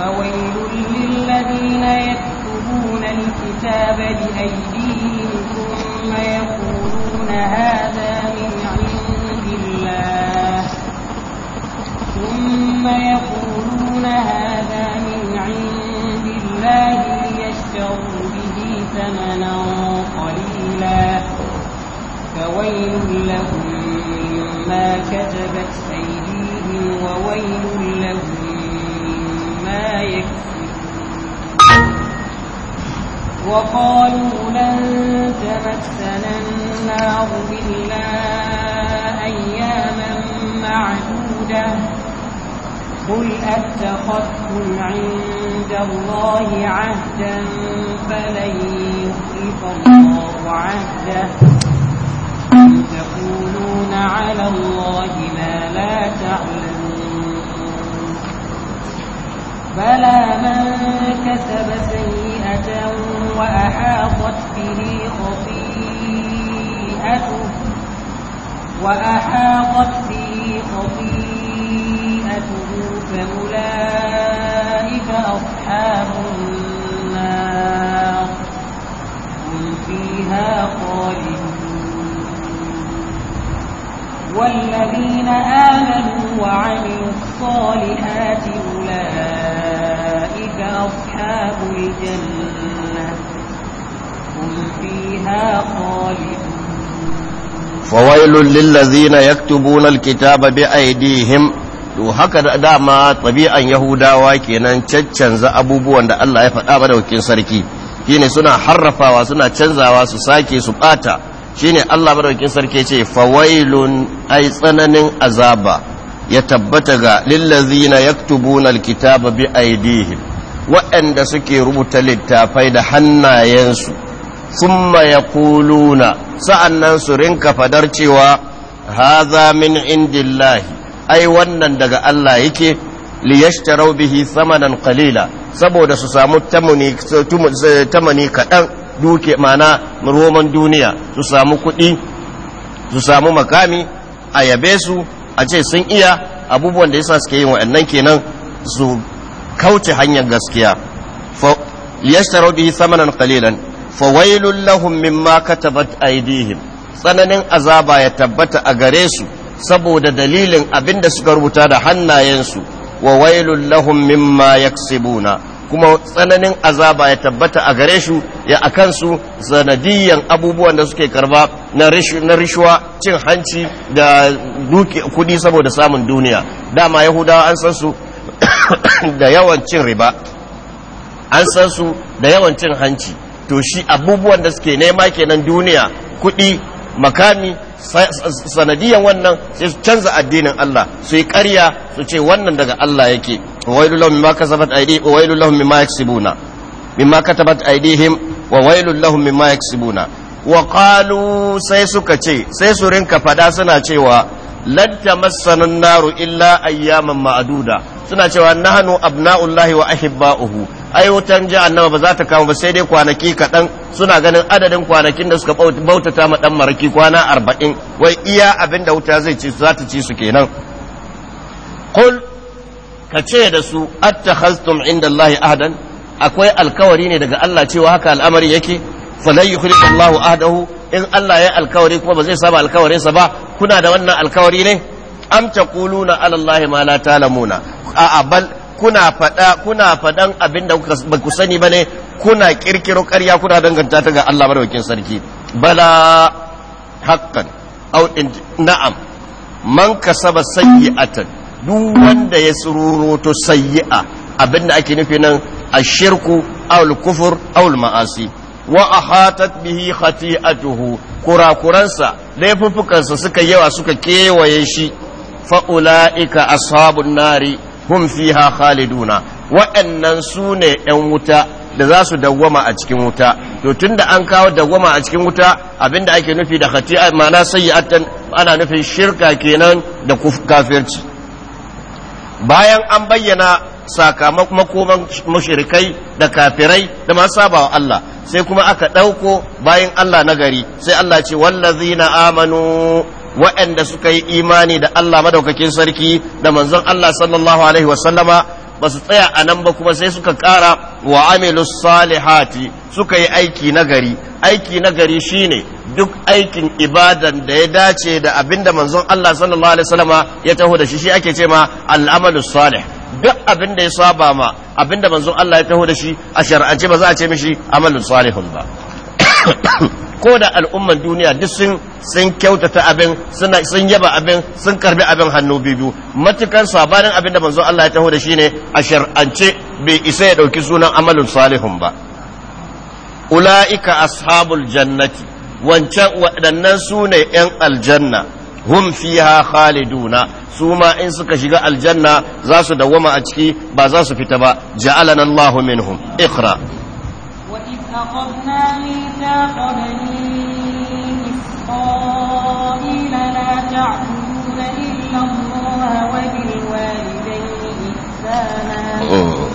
فويل للذين يكتبون الكتاب بأيديهم ثم يقولون هذا من عند الله ثم يقولون هذا من عند الله ليشتروا به ثمنا قليلا فويل لهم مما كتبت أيديهم وويل لهم ما وقالوا لن تمسنا النار إلا أياما معدودة قل أتخذتم عند الله عهدا فلن يخلف الله عهده أم تقولون على الله ما لا تعلمون بلى من كسب سيئة وأحاطت به خطيئته وأحاطت به خطيئته فأولئك أصحاب النار هم فيها خالدون والذين آمنوا وعملوا الصالحات أولئك أصحاب الجنة هم فيها خالدون فويل للذين يكتبون الكتاب بأيديهم to haka da dama tabi'an yahudawa kenan caccanza abubuwan da Allah ya faɗa madaukin sarki shine suna harrafawa suna canzawa su sake su ɓata shine Allah madaukakin sarki ce fawailun ai tsananin azaba ya tabbata ga lillazina yaktubuna alkitaba bi aidihim waɗanda suke rubuta littafai da hannayensu kuluna. yaquluna nan su rinka fadar cewa haza min indillahi ai wannan daga Allah yake liyashtarau bihi samanan qalila saboda su samu tamani kaɗan. duke mana roman duniya su samu kuɗi su samu makami a yabe su a ce sun iya abubuwan da yasa suke yin waɗannan kenan su kauce hanyar gaskiya yashtaru bihi thamanan qalilan fawailul lahum mimma katabat aydihim tsananin azaba ya tabbata a gare su saboda dalilin abinda suka rubuta da hannayensu wa wailul lahum mimma yaksibuna kuma tsananin azaba ya tabbata a gare su ya a kansu sanadiyyan abubuwan da suke karba na rishuwa cin hanci da kudi saboda samun duniya dama yahudawa an san su da yawan cin riba an san su da yawan cin hanci to shi abubuwan da suke nema kenan duniya kudi makami sanadiyan wannan sai su canza addinin Allah su yi ƙarya su ce wannan daga Allah yake wailu lahum mimma kasabat aidi wailu wa wailun lahum mimma yaksubuna wa qalu sai suka ce sai su rinka fada suna cewa lan tamassana naru illa ayyaman ma'duda suna cewa nahnu abna'ullahi wa ahibba'uhu ai wutan jahannama ba za ta kawo ba sai dai kwanaki kaɗan suna ganin adadin kwanakin da suka bautata ma dan maraki kwana arba'in wai iya abin da wuta zai ci za ta ci su kenan Kul ka ce da su attakhaztum inda allahi ahadan akwai alkawari ne daga Allah cewa haka al'amari yake falai yukhlifu Allahu ahdahu in Allah ya alkawari kuma ba zai saba alkawarinsa ba kuna da wannan alkawari ne am taquluna ala Allah ma la ta'lamuna a'a bal kuna fada kuna fadan abinda ba ku sani ba ne kuna kirkiro ƙarya kuna danganta ta ga Allah madaukakin sarki bala haqqan aw na'am man kasaba sayyi'atan duk wanda ya sururoto sayyi'a abinda ake nufi nan الشرك أو الكفر أو المعاصي وأحاطت به خطيئته كرا suka ليففكنسا سكا يوا سكا كي ويشي فأولئك أصحاب النار هم فيها خالدون وأن سوني wuta da za su dawwama a cikin wuta to tunda an kawo dawwama a cikin wuta abinda ake nufi da khati'a ma'ana sayyi'atan ana nufin shirka kenan da kafirci bayan an bayyana sakamakon mushrikai da kafirai da masu sabawa Allah sai kuma aka ɗauko bayan Allah na gari sai Allah ce wallazina amanu waɗanda suka yi imani da Allah madaukakin sarki da manzon Allah sallallahu alaihi wasallama ba su tsaya a nan ba kuma sai suka kara wa amilus salihati suka yi aiki na gari aiki na gari shine duk aikin ibadan da ya dace da abinda manzon Allah sallallahu alaihi wasallama ya taho da shi shi ake cewa ma al'amalu salih duk abin da ya saba ma abin da manzon Allah ya taho da shi a shar'ance ba za a ce mishi amalin salihun ba ko da al'umman duniya duk sun sun kyautata abin suna sun yaba abin sun karbi abin hannu biyu matukan sabanin abin da manzon Allah ya taho da shi ne a shar'ance bai isa ya dauki sunan amalin salihun ba ulaika ashabul jannati wancan waɗannan su ne 'yan aljanna hum fiha khaliduna su ma in suka shiga aljanna za su dawama a ciki ba za su fita ba ja'alana Allahu minhum iqra wa idh aqadna mithaqa bani isra'ila la ta'buduna illa Allah wa bil walidayni ihsana mm.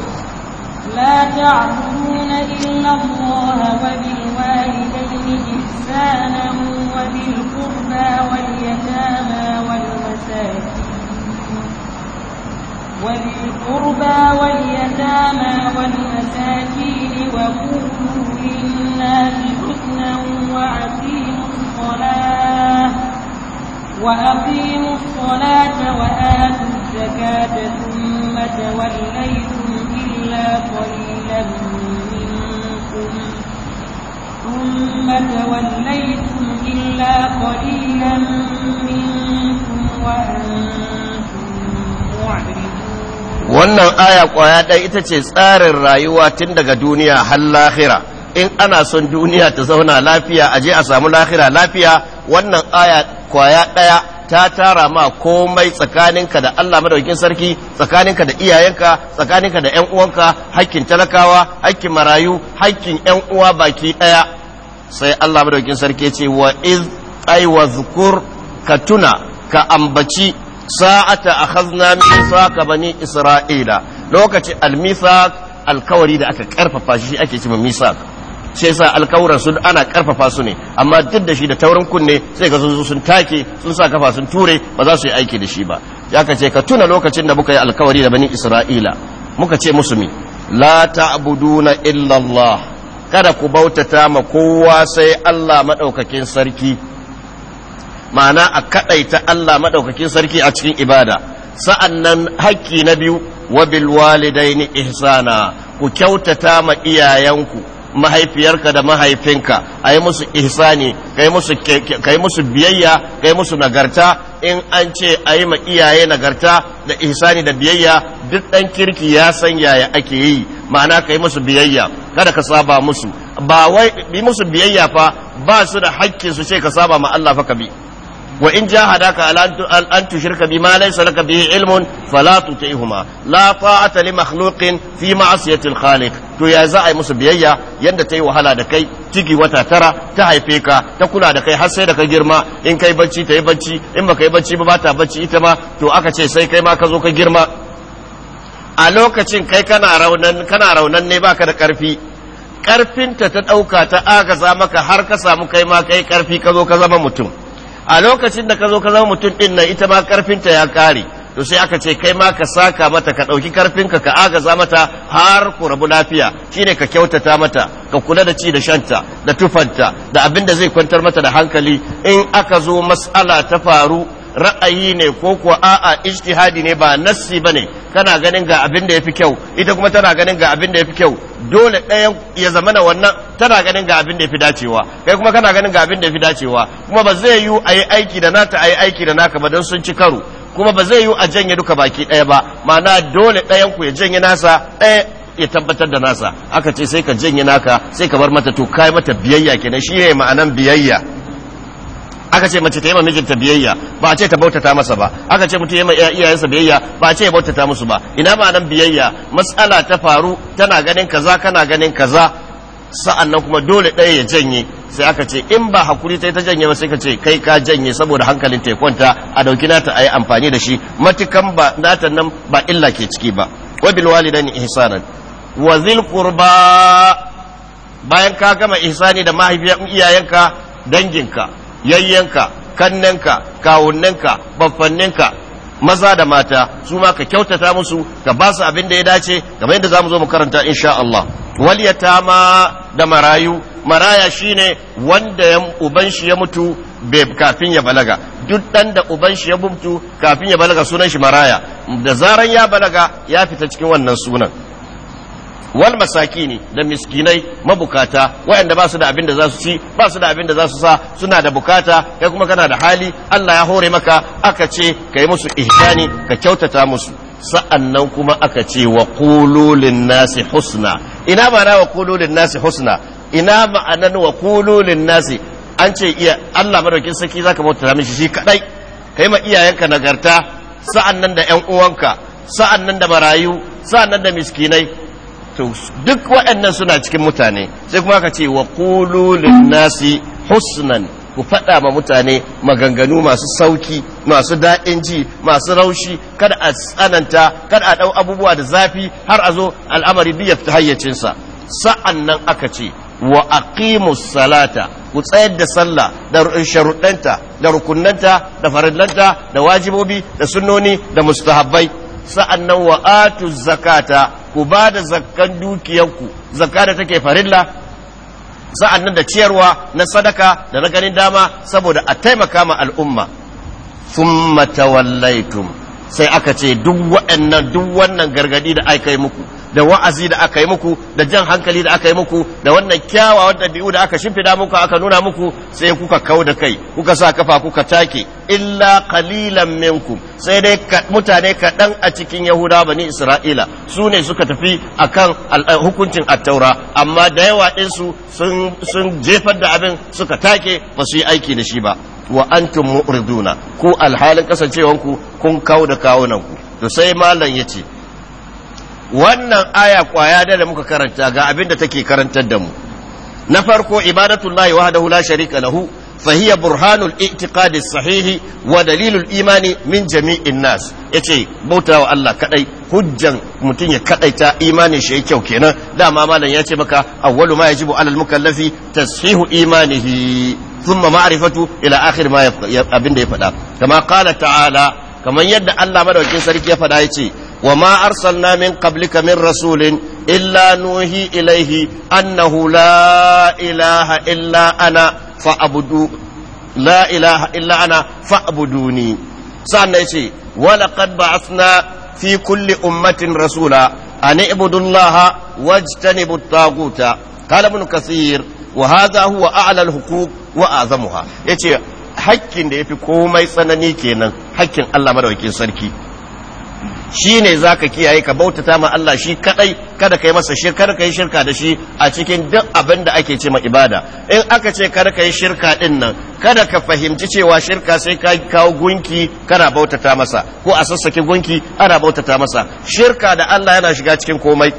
la ta'buduna illa Allah wa bil الرحم وذي القربى واليتامى والمساكين وذي والمساكين وقولوا للناس حسنا وعقيموا الصلاة وأقيموا الصلاة وآتوا الزكاة ثم توليتم إلا قليلا ثم توليتم إلا قليلا منكم وأنتم معرضون wannan aya kwaya ɗaya ita ce tsarin rayuwa tun daga duniya har lahira in ana son duniya ta zauna lafiya aje a samu lahira lafiya wannan aya kwaya ɗaya ta tara ma komai tsakaninka da Allah madaukin sarki tsakaninka da iyayenka tsakaninka da ƴan uwanka hakkin talakawa hakkin marayu hakkin ƴan uwa baki ɗaya sai Allah madaukin sarki ce wa iz ay wa zukur ka tuna ka ambaci sa'ata akhazna mithaqa bani isra'ila lokaci al alkawari da aka karfafa shi ake cewa misak sai sa alkawuran sun ana karfafa su ne amma duk da shi da taurin kunne sai ka zo sun take sun sa kafa sun ture ba za su yi aiki da shi ba ya ka ce ka tuna lokacin da muka yi alkawari da bani isra'ila muka ce musu mi la ta'buduna na illallah kada ku bautata ma kowa sai allah madaukakin sarki ma'ana a kadaita allah madaukakin sarki a cikin ibada sa'annan hakki na biyu wa bil walidaini ihsana ku kyautata ma iyayenku mahaifiyarka da mahaifinka a yi musu ihsani ka yi musu biyayya ka yi musu nagarta in an ce a yi ma iyaye nagarta da ihsani da biyayya duk ɗan kirki ya san yaya ake yi ma'ana ka yi musu biyayya kada ka saba musu ba wai bi musu biyayya fa ba su da hakkin su ce ka saba ma Allah fa ka bi وإن جاهداك على أن تشرك بما ليس لك Falatu علم فلا تطيعهما لا طاعة لمخلوق في معصية الخالق to ya za a yi musu biyayya yadda ta yi wahala da kai ciki wata tara ta haife ka ta kula da kai har sai da ka girma in kai bacci ta yi bacci in baka yi bacci ba ta bacci ita ma to aka ce sai kai ma ka zo ka girma a lokacin kai kana raunan kana raunan ne baka da karfi karfinta ta dauka ta agaza maka har ka samu kai ma kai karfi ka zo ka zama mutum a lokacin da ka zo ka zama mutum ɗin nan ita ma karfinta ya kare to sai aka ce kai ma ka saka mata ka ɗauki karfinka ka agaza mata har ku rabu lafiya shine ka kyautata mata ka kula da ci da shanta da tufanta da abin da zai kwantar mata da hankali in aka zo mas'ala ta faru ra'ayi ne ko kuwa a'a ijtihadi ne ba nassi bane kana ganin ga abin da yafi kyau ita kuma tana ganin ga abin da yafi kyau dole ɗayan ya zamana wannan tana ganin ga abin da yafi dacewa kai kuma kana ganin ga abin da yafi dacewa kuma ba zai yiwu a aiki da nata a aiki da naka ba don sun ci karo kuma ba zai yiwu a janye duka baki ɗaya ba ma'ana dole ɗayan ku ya janye nasa ɗaya ya tabbatar da nasa aka ce sai ka janye naka sai ka bar mata to kai mata biyayya kenan shi ne ma'anan biyayya aka ce mace ta yi mijinta biyayya ba a ce ta bautata masa ba aka ce mutum ya ma iyayensa biyayya ba a ce ya bautata musu ba ina ba nan biyayya matsala ta faru tana ganin kaza kana ganin kaza sa'an nan kuma dole ɗaya ya janye sai aka ce in ba hakuri ta ta janye ba sai ka ce kai ka janye saboda hankalin ta kwanta a dauki nata a yi amfani da shi matukan ba nata nan ba illa ke ciki ba wabil walidani ihsanan wa zil qurba bayan ka gama ihsani da mahaifiyar iyayenka danginka yayyanka kannanka kawunninka baffanninka maza da mata su ma ka kyautata musu ka ba su abin da ya dace game yadda zamu zo mu karanta insha Allah wal yatama da marayu maraya shine wanda ya uban shi ya mutu kafin ya balaga duk dan da uban shi ya mutu kafin ya balaga sunan shi maraya da zaran ya balaga ya fita cikin wannan sunan wal masakini da miskinai mabukata waɗanda ba su da abin da za su ci ba su da abin da za su sa suna da bukata kai kuma kana da hali Allah ya hore maka aka ce ka yi musu ihsani ka kyautata musu sa'annan kuma aka ce wa qululin nasi husna ina ba na wa qululin nasi husna ina ma'anan wa qululin nasi an ce iya Allah madaukin saki zaka bauta mishi shi kadai kai ma iyayenka nagarta sa'annan da ƴan uwanka sa'annan da marayu sa'annan da miskinai to duk waɗannan suna cikin mutane sai kuma ka ce wa nasi husnan ku faɗa ma mutane maganganu masu sauki masu daɗin ji masu raushi kada a tsananta kada a ɗau abubuwa da zafi har a zo al'amari biya fita hayyacinsa sa'an nan aka ce wa aqimus salata ku tsayar da sallah da sharuɗanta da rukunnanta da farillanta da wajibobi da sunoni da mustahabbai sa'an nan wa zakata ku ba da zakkan dukiyanku zakka da take farilla sa'an nan da ciyarwa na sadaka da na ganin dama saboda a taimaka ma al'umma thumma tawallaitum sai aka ce duk waɗannan duk wannan gargadi da aka muku da wa'azi da aka yi muku da jan hankali da aka yi muku da wannan kyawa wadda biyu da aka shimfida muku aka nuna muku sai kuka kau da kai kuka sa kafa kuka take illa qalilan minkum sai dai mutane kaɗan a cikin yahuda bani isra'ila su ne suka tafi akan eh, hukuncin attaura amma da yawa su sun jefar da abin suka take ba su yi aiki da shi ba wa antum mu'riduna ku alhalin kasancewanku kun kau da kawunanku to sai malam yace wannan aya kwaya da da muka karanta ga abin da take karantar da mu na farko ibadatullahi wahdahu la sharika lahu burhanul برهان sahihi wa dalilul imani min jami'in nas yace bautawa Allah kadai hujjan mutum ya kadaita imanin shi kyau kenan dama malam ya ce maka awwalu ma yajibu alal mukallafi tashihu imanihi thumma ma'rifatu ila akhir ma abinda ya faɗa. kama qala ta'ala kaman yadda Allah madaukakin sarki ya fada yace وما أرسلنا من قبلك من رسول إلا نوحي إليه أنه لا إله إلا أنا فأبدو لا إله إلا أنا فأبدوني سألنا يسي ولقد بعثنا في كل أمة رسولا أن اعبدوا الله واجتنبوا الطاغوت قال ابن كثير وهذا هو أعلى الحقوق وأعظمها يتي hakkin da ya fi komai tsanani kenan hakkin Allah madaukakin sarki shi ne za ka kiyaye ka bautata ma Allah shi kadai kada ka yi masa shi kada ka yi shirka da shi a cikin duk abin da ake ce ma ibada in aka ce kada ka yi shirka din nan kada ka fahimci cewa shirka sai ka kawo gunki kana bautata masa ko a sassake gunki ana bautata masa shirka da Allah yana shiga cikin komai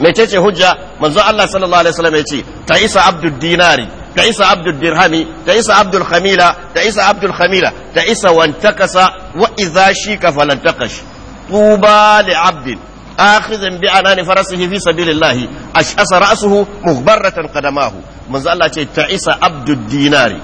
mecece hujja manzo Allah sallallahu alaihi wasallam ya ce ta isa abdud dinari ta isa abdul dirhami ta isa abdul khamila ta isa abdul khamila ta isa wantakasa wa idza shi ka falantakash tuba li abdin akhizin bi anani farasihi fi sabilillah ashasa ra'suhu mughbaratan qadamahu manzo Allah ce ta isa abdul dinari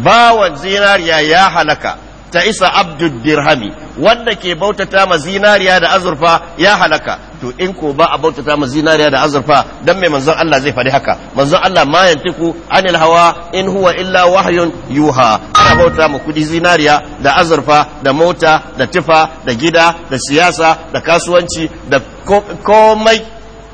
bawa zinariya ya halaka ta isa abdul dirhami wanda ke bautata ma zinariya da azurfa ya halaka to in ko ba a bautata ma zinariya da azurfa dan mai manzon Allah zai faɗi haka manzon Allah ma yantiku anil hawa in huwa illa wahyun yuha ana bauta ma kudi zinariya da azurfa da mota da tifa da gida da siyasa da kasuwanci da komai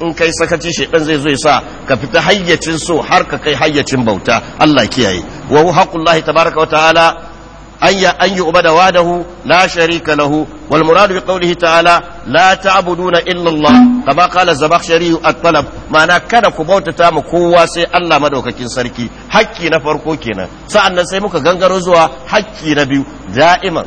in kai sakaci shaidan zai zo sa ka fita hayyacin so har ka kai hayyacin bauta Allah kiyaye wa haqqullahi tabaraka wa ta'ala أن أن يعبد وحده لا شريك له والمراد بقوله تعالى لا تعبدون إلا الله كما قال الزبخشري الطلب معنى كذا كبوت تام كوا سي الله مدوكاكين سركي حكي نفرقو كينا سألنا سيموك غنغرزوا حكي نبيو دائما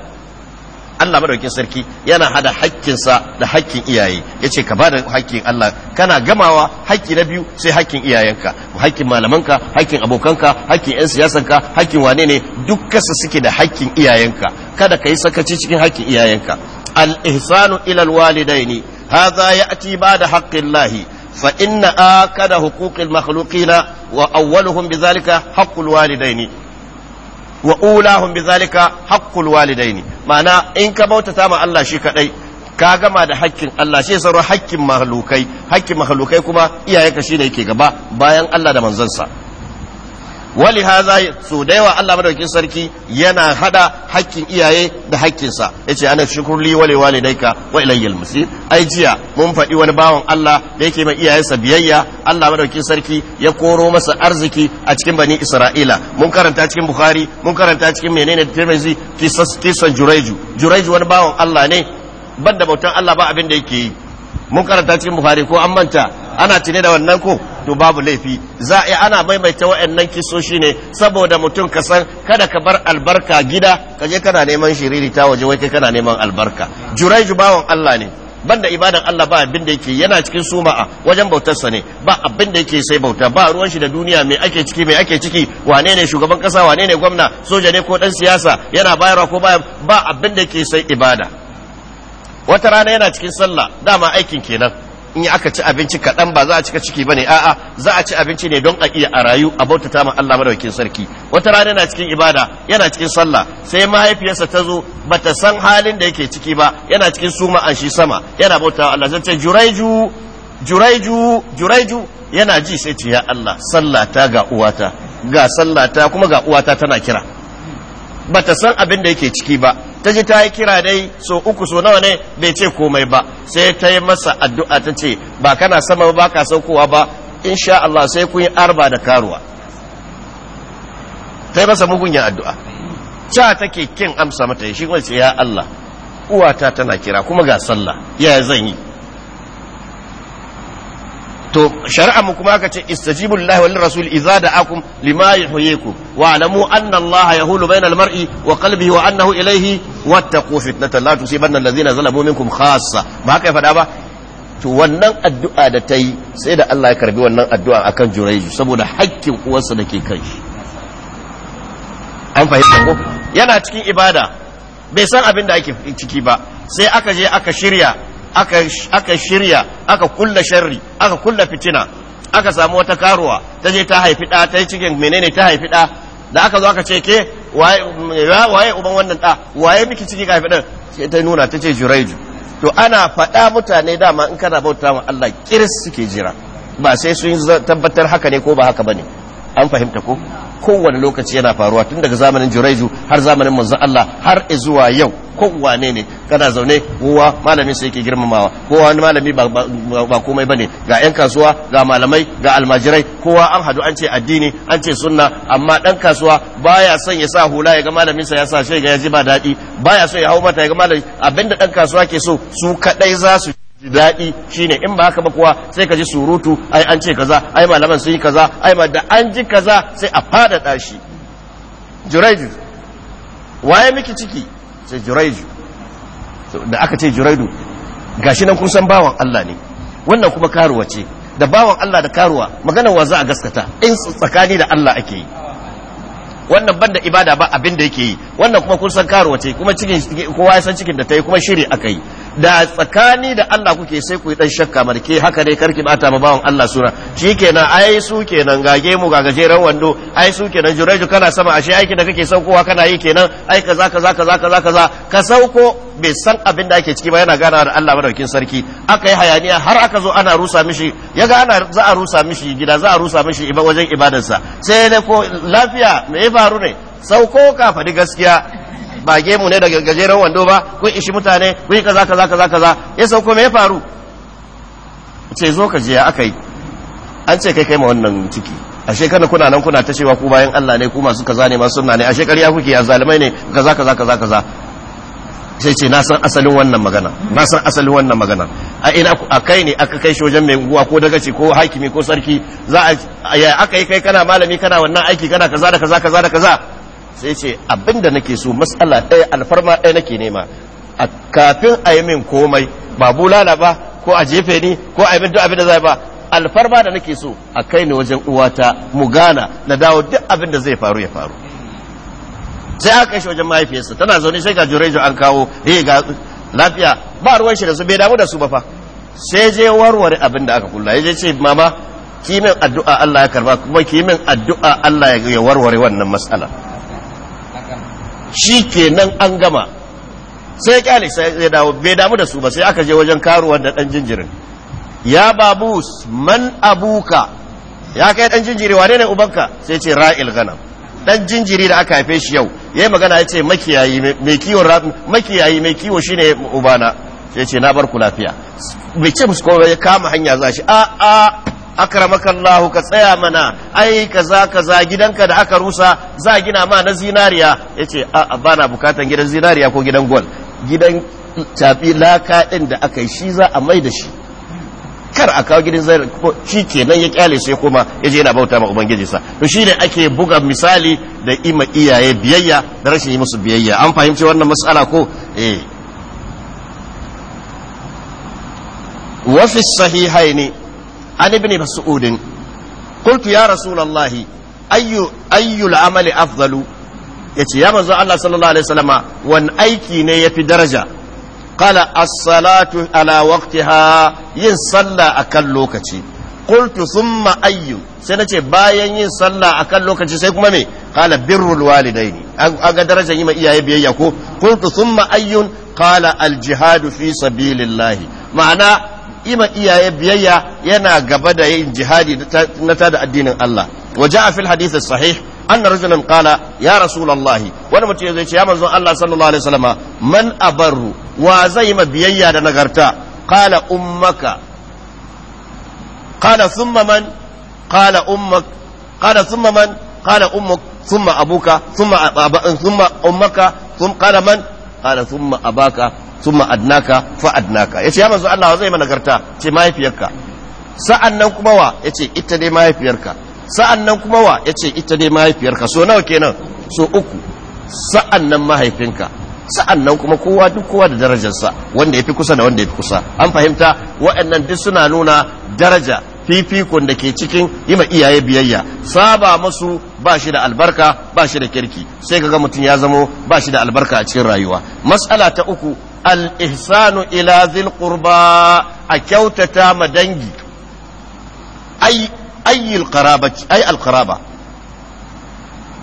Allah madaukin sarki yana hada hakkinsa da hakkin iyaye yace ka ba da hakkin Allah kana gamawa hakki na biyu sai hakkin iyayenka hakkin malamanka hakkin abokanka hakkin yan siyasanka hakkin wane ne dukkansa suke da hakkin iyayenka kada ka yi sakaci cikin hakkin iyayenka al ihsanu ila al walidaini hadha ya'ti ba'da haqqillahi fa inna akada huquqil makhluqina wa awwaluhum bidhalika haqqul walidaini wa ulahum bizalika haqqul walidaini ma'ana in ka bautata ma Allah shi kadai ka gama da hakkin Allah shi sauran hakkin mahalukai hakkin mahalukai kuma iyayenka shine yake gaba bayan Allah da sa. wali haza su da yawa Allah madaukin sarki yana hada hakkin iyaye da hakkinsa yace ana shukur li wali walidaika wa ilayyal musir ai jiya mun faɗi wani bawan Allah da yake mai iyayensa biyayya Allah madaukin sarki ya koro masa arziki a cikin bani Isra'ila mun karanta cikin Bukhari mun karanta cikin menene da Tirmidhi kisas kisan Juraiju Juraiju wani bawan Allah ne banda bautan Allah ba abin da yake yi mun karanta cikin Bukhari ko an manta ana tune da wannan ko to babu laifi za a ana maimaita waɗannan kisoshi ne saboda mutum ka san kada ka bar albarka gida ka je kana neman shiriri ta waje wai kai kana neman albarka jurai jubawan Allah ne banda ibadan Allah ba abin da yake yana cikin suma'a wajen bautarsa ne ba abin da yake sai bauta ba ruwan shi da duniya me ake ciki me ake ciki wane ne shugaban kasa wane ne gwamna soja ne ko dan siyasa yana bayarwa ko baya ba abin da yake sai ibada wata rana yana cikin sallah dama aikin kenan in aka ci abinci kaɗan ba za a cika ciki ba ne a'a za a ci abinci ne don a iya a rayu a bautata ma Allah madaukin sarki wata rana yana cikin ibada yana cikin sallah sai mahaifiyarsa ta zo ta san halin da yake ciki ba yana cikin suma an shi sama yana bauta wa Allah zance juraiju juraiju juraiju yana ji sai ce ya Allah sallata ga uwata ga sallata kuma ga uwata tana kira ba ta san abin da yake ciki ba ta ji ta yi kira dai so uku so nawa ne bai ce komai ba sai ta yi masa addu'a ta ce ba kana sama ba ka saukowa ba insha Allah sai kun yi arba da karuwa ta yi masa mugunyan addu'a ca take kin amsa mata shi kuma ce ya Allah uwata tana kira kuma ga sallah ya zan yi to shari'a mu kuma aka ce istajibu lillahi wal rasul idza da'akum lima yuhyikum wa alamu anna allaha yahulu bainal mar'i wa qalbihi wa annahu ilayhi wattaqu fitnatan la tusibanna allazina zalamu minkum khassa ba haka ya faɗa ba to wannan addu'a da ta yi sai da Allah ya karbi wannan addu'a akan Juraiju saboda haƙƙin uwarsa da ke kai shi an fahimta ko yana cikin ibada bai san abin da ake ciki ba sai aka je aka shirya aka shirya aka kulla sharri aka kulla fitina aka samu wata karuwa ta je ta haifi ɗa ta yi cikin menene ta haifi ɗa da aka zo aka ce ke waye uban wannan da waye miki ciki ka haifi sai ta nuna ta ce juraiju to ana faɗa mutane dama in kana bauta ma Allah kiris suke jira ba sai sun tabbatar haka ne ko ba haka bane an fahimta ko kowane lokaci yana faruwa tun daga zamanin juraiju har zamanin manzon Allah har zuwa yau kowane ne kana zaune kowa malamin sai yake girmamawa kowa wani malami ba komai bane ga yan kasuwa ga malamai ga almajirai kowa an hadu an ce addini an ce sunna amma dan kasuwa baya son ya sa hula ya ga malamin sa ya sa shi ga ya ji ba dadi baya son ya hau mata ya ga malami abinda dan kasuwa ke so su kadai za su ji daɗi shine in ba haka ba kuwa sai ka ji surutu ai an ce kaza ai malaman sun yi kaza ai ma da an ji kaza sai a fadada shi juraiju waye miki ciki sai juraiju da aka ce juraidu gashi nan kun san bawan Allah ne wannan kuma karuwa ce da bawan Allah da karuwa maganar wa za a gaskata in tsakani da Allah ake yi wannan banda ibada ba abin da yake yi wannan kuma kun san karuwa ce kuma cikin kowa ya san cikin da ta yi kuma shiri aka yi da tsakani da Allah kuke sai ku yi dan shakka marke haka dai karki bata ma bawon Allah sura shikenan ai su kenan gage mu ga gajeren wando ai su kenan juraju kana sama ashe aiki da kake saukowa kana yi kenan ai kaza kaza kaza kaza kaza ka sauko bai san abin da ake ciki ba yana gana da Allah madaukin sarki aka yi hayaniya har aka zo ana rusa mishi ya ga ana za a rusa mishi gida za a rusa mishi wajen ibadarsa sai ne ko lafiya me ya faru ne sauko ka faɗi gaskiya ba gemu ne daga gajeren wando ba kun ishi mutane kun yi kaza kaza kaza kaza ya sauko me ya faru ce zo ka je aka yi an ce kai kai ma wannan ciki a shekarar kuna nan kuna ta cewa ku bayan Allah ne ku masu kaza ne masu sunna ne shekarar ya kuke ya zalimai ne kaza kaza kaza kaza sai ce na san asalin wannan magana na san asalin wannan magana a ina a kai ne aka kai shojan mai guwa ko dagaci ko hakimi ko sarki za a aka yi kai kana malami kana wannan aiki kana kaza da kaza kaza da kaza sai ce abinda nake so matsala ɗaya alfarma ɗaya nake nema a kafin a yi min komai ba bulala ba ko a jefe ni ko a yi min duk abin zai ba alfarma da nake so a kai ni wajen uwata mu gana na dawo duk abin da zai faru ya faru sai aka kai shi wajen mahaifiyarsa tana zaune sai ga jurejo an kawo eh lafiya ba ruwan shi da su bai damu da su ba fa sai je warware abin aka kulla ya je ce mama kimin addu'a Allah ya karba kuma kimin addu'a Allah ya warware wannan matsala shi kenan an gama sai kyale sai ya dawo bai damu da su ba sai aka je wajen karuwan da dan jinjirin ya babus man abuka ya kai ɗan jinjiri wane ne ubanka sai ce ra'il ganam dan jinjiri da aka haife shi yau yayi magana ya ce makiyayi mai kiwon makiyayi mai kiwo shine ubana sai ce na bar ku lafiya bai ce musu ya kama hanya za shi a a Allah ka tsaya mana ai kaza kaza gidanka da aka rusa za gina ma na zinariya yace a bana bukatan gidan zinariya ko gidan gol gidan tafi laka din da aka yi shi za a mai da shi kar a kawo gidan zai shi kenan ya kyale sai kuma ya je yana bauta ma ubangiji sa to shine ake buga misali da ima iyaye biyayya da rashin yi musu biyayya an fahimci wannan mas'ala ko eh wa fi an ibn mas'ud qultu ya rasulullah ayyu ayyul amali afdalu yace ya manzo Allah sallallahu alaihi wasallama wan aiki ne yafi daraja qala as-salatu ala waqtiha yin sallah akan lokaci qultu thumma ayyu sai nace bayan yin sallah akan lokaci sai kuma me qala birrul walidaini aga darajar yi ma iyaye biyayya ko qultu thumma ayyun kala aljihadu fi sabilillahi ma'ana ima iyaye biyayya yana gaba da yin jihadi na tada addinin Allah waje a fil hadith sahih an na rajulan kala ya rasulallah wani mutum zai ce ya manzon Allah sallallahu alaihi wasallam man abaru wa zai ma biyayya da nagarta qala ummaka kala thumma man kala ummak qala thumma man kala ummuk thumma abuka thumma thumma ummaka thumma qala man qala thumma abaka thumma adnaka fa adnaka yace ya manzo Allah zai mana nagarta ce mahaifiyarka sa'annan kuma wa yace ita dai mahaifiyarka sa'annan kuma wa yace ita dai mahaifiyarka so nawa kenan so uku sa'annan mahaifinka sa'annan kuma kowa duk kowa da darajarsa wanda yafi kusa da wanda yafi kusa an fahimta waɗannan duk suna nuna daraja fifikon da ke cikin yi ma iyaye biyayya saba masu ba shi da albarka ba shi da kirki sai kaga mutum ya zamo ba shi da albarka a cikin rayuwa matsala ta uku al-ihsanu ila zil qurba a kyautata ma dangi ay ay ay al-qaraba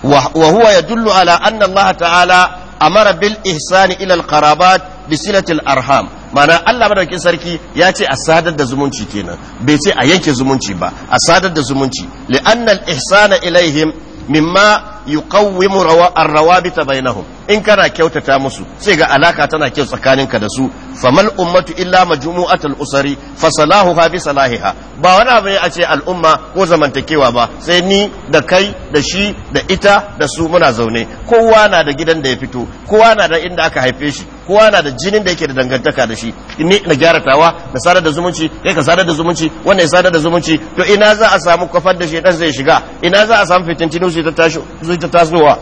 wa huwa yadullu ala anna Allah ta'ala amara bil ihsani ila al qarabat bi silatil arham ma'ana Allah madaukin sarki ya ce a sadar da zumunci kenan bai ce a yanke zumunci ba a sadar da zumunci li anna al ihsana ilaihim mimma yuqawwimu ar-rawabita bainahum in kana kyautata musu sai ga alaka tana kyau tsakaninka da su famal ummatu illa majmu'atul usari fasalahu salahuha bi salahiha ba wani abu ne a ce al'umma ko zamantakewa ba sai ni da kai da shi da ita da su muna zaune kowa na da gidan da ya fito kowa na da inda aka haife shi kowa na da jinin da yake da dangantaka da shi ni na gyara tawa na sadar da zumunci kai ka sadar da zumunci wanda ya sadar da zumunci to ina za a samu kafar da shi dan zai shiga ina za a samu fitintinu su ta tashi su ta tasowa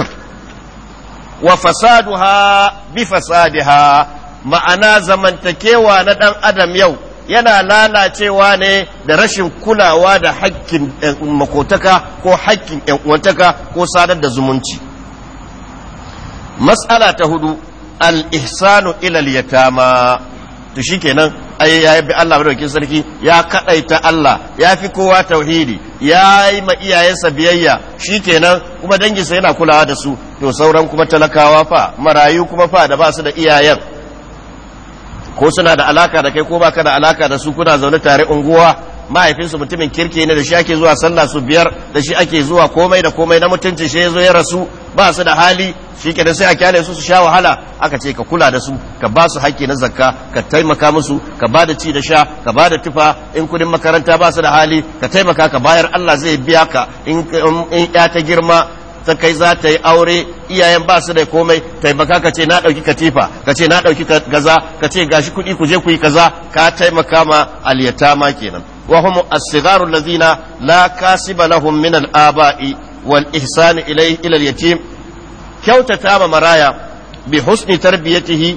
wa fasaduha bi fasadiha ma'ana zamantakewa na dan adam yau yana lalacewa ne da rashin kulawa da hakkin makotaka ko hakkin uwantaka ko sadar da zumunci matsala ta hudu al-ihsanu ilal yatama to shikenan ai ya bi Allah madaukakin sarki ya kadaita Allah ya fi kowa tauhidi ya yi ma iyayensa biyayya shi kenan kuma danginsa yana kulawa da su to sauran kuma talakawa fa marayu kuma fa da basu da iyayen ko suna da alaka da kai ko baka da alaka da su kuna zaune tare unguwa mahaifinsu mutumin kirki ne da shi ake zuwa sallah su biyar da shi ake zuwa komai da komai na mutunci shi zo ya rasu ba su da hali shi kenan sai a kyale su su sha wahala aka ce ka kula da su ka ba su haƙƙi na zakka ka taimaka musu ka ba da ci da sha ka ba da tufa in kudin makaranta ba su da hali ka taimaka ka bayar Allah zai biya ka in ya ta girma ta kai za ta yi aure iyayen ba su da komai taimaka ka ce na ɗauki katifa ka ce na ɗauki kaza ka ce gashi kuɗi ku je ku yi kaza ka taimaka ma aliyata ma kenan وهم الصغار الذين لا كاسب لهم من الآباء والإحسان إليه إلى اليتيم كوتة أمام مرايا بحسن تربيته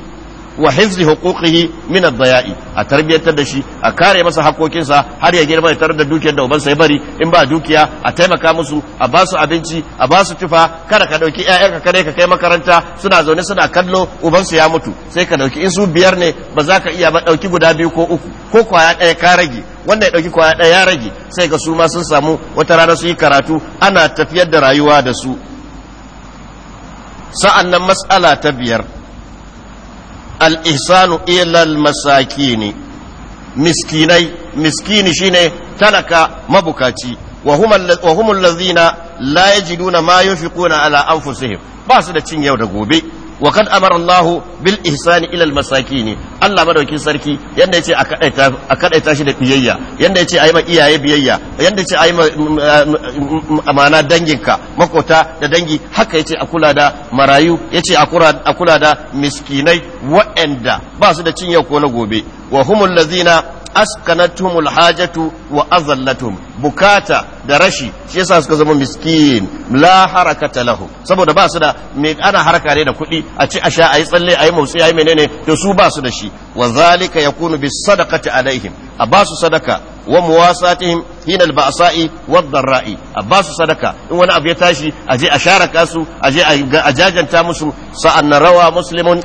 wa hifzi huquqihi min ad a tarbiyyantar da shi a kare masa hakokinsa har ya girma ya tarar da dukiyar da ubansa ya bari in ba dukiya a taimaka musu a basu abinci a basu tufa kada ka dauki ƴaƴanka kare ka kai makaranta suna zaune suna kallo ubansu ya mutu sai ka ɗauki in su biyar ne ba za ka iya ba ɗauki guda biyu ko uku ko kwaya ɗaya ka rage wanda ya ɗauki kwaya ɗaya ya rage sai ga su ma sun samu wata rana su yi karatu ana tafiyar da rayuwa da su sa'an nan matsala ta biyar al'isanu ilal masaki ne. miskinai miskini shine talaka mabukaci wa humul lazina la na ma fi ala anfusihim ba su da cin yau da gobe wa Amarallahu amara Allah bil ihsani ila al masakin Allah madaukin sarki yanda yace a kadaita a kadaita shi da biyayya yanda yace ayi ma iyaye biyayya yanda yace ayi mm, ah, mm, mm, amana danginka makota da dangi haka yace a kula da marayu yace a kula da miskinai wa'anda ba su da cinye ko na gobe wa humul ladzina askanatumul hajatu wa azallatum bukata da rashi shi yasa suka zama miskin la harakata lahu saboda ba su da me ana haraka ne da kuɗi a ci a sha a yi tsalle a yi motsi a yi menene to su ba su da shi wa zalika yakunu bis sadaqati alaihim a ba su sadaka wa muwasatihim hina al-ba'sa'i wad dharra'i a ba su sadaka in wani abu ya tashi a je a sharaka su a je a jajanta musu sa'an rawa muslimun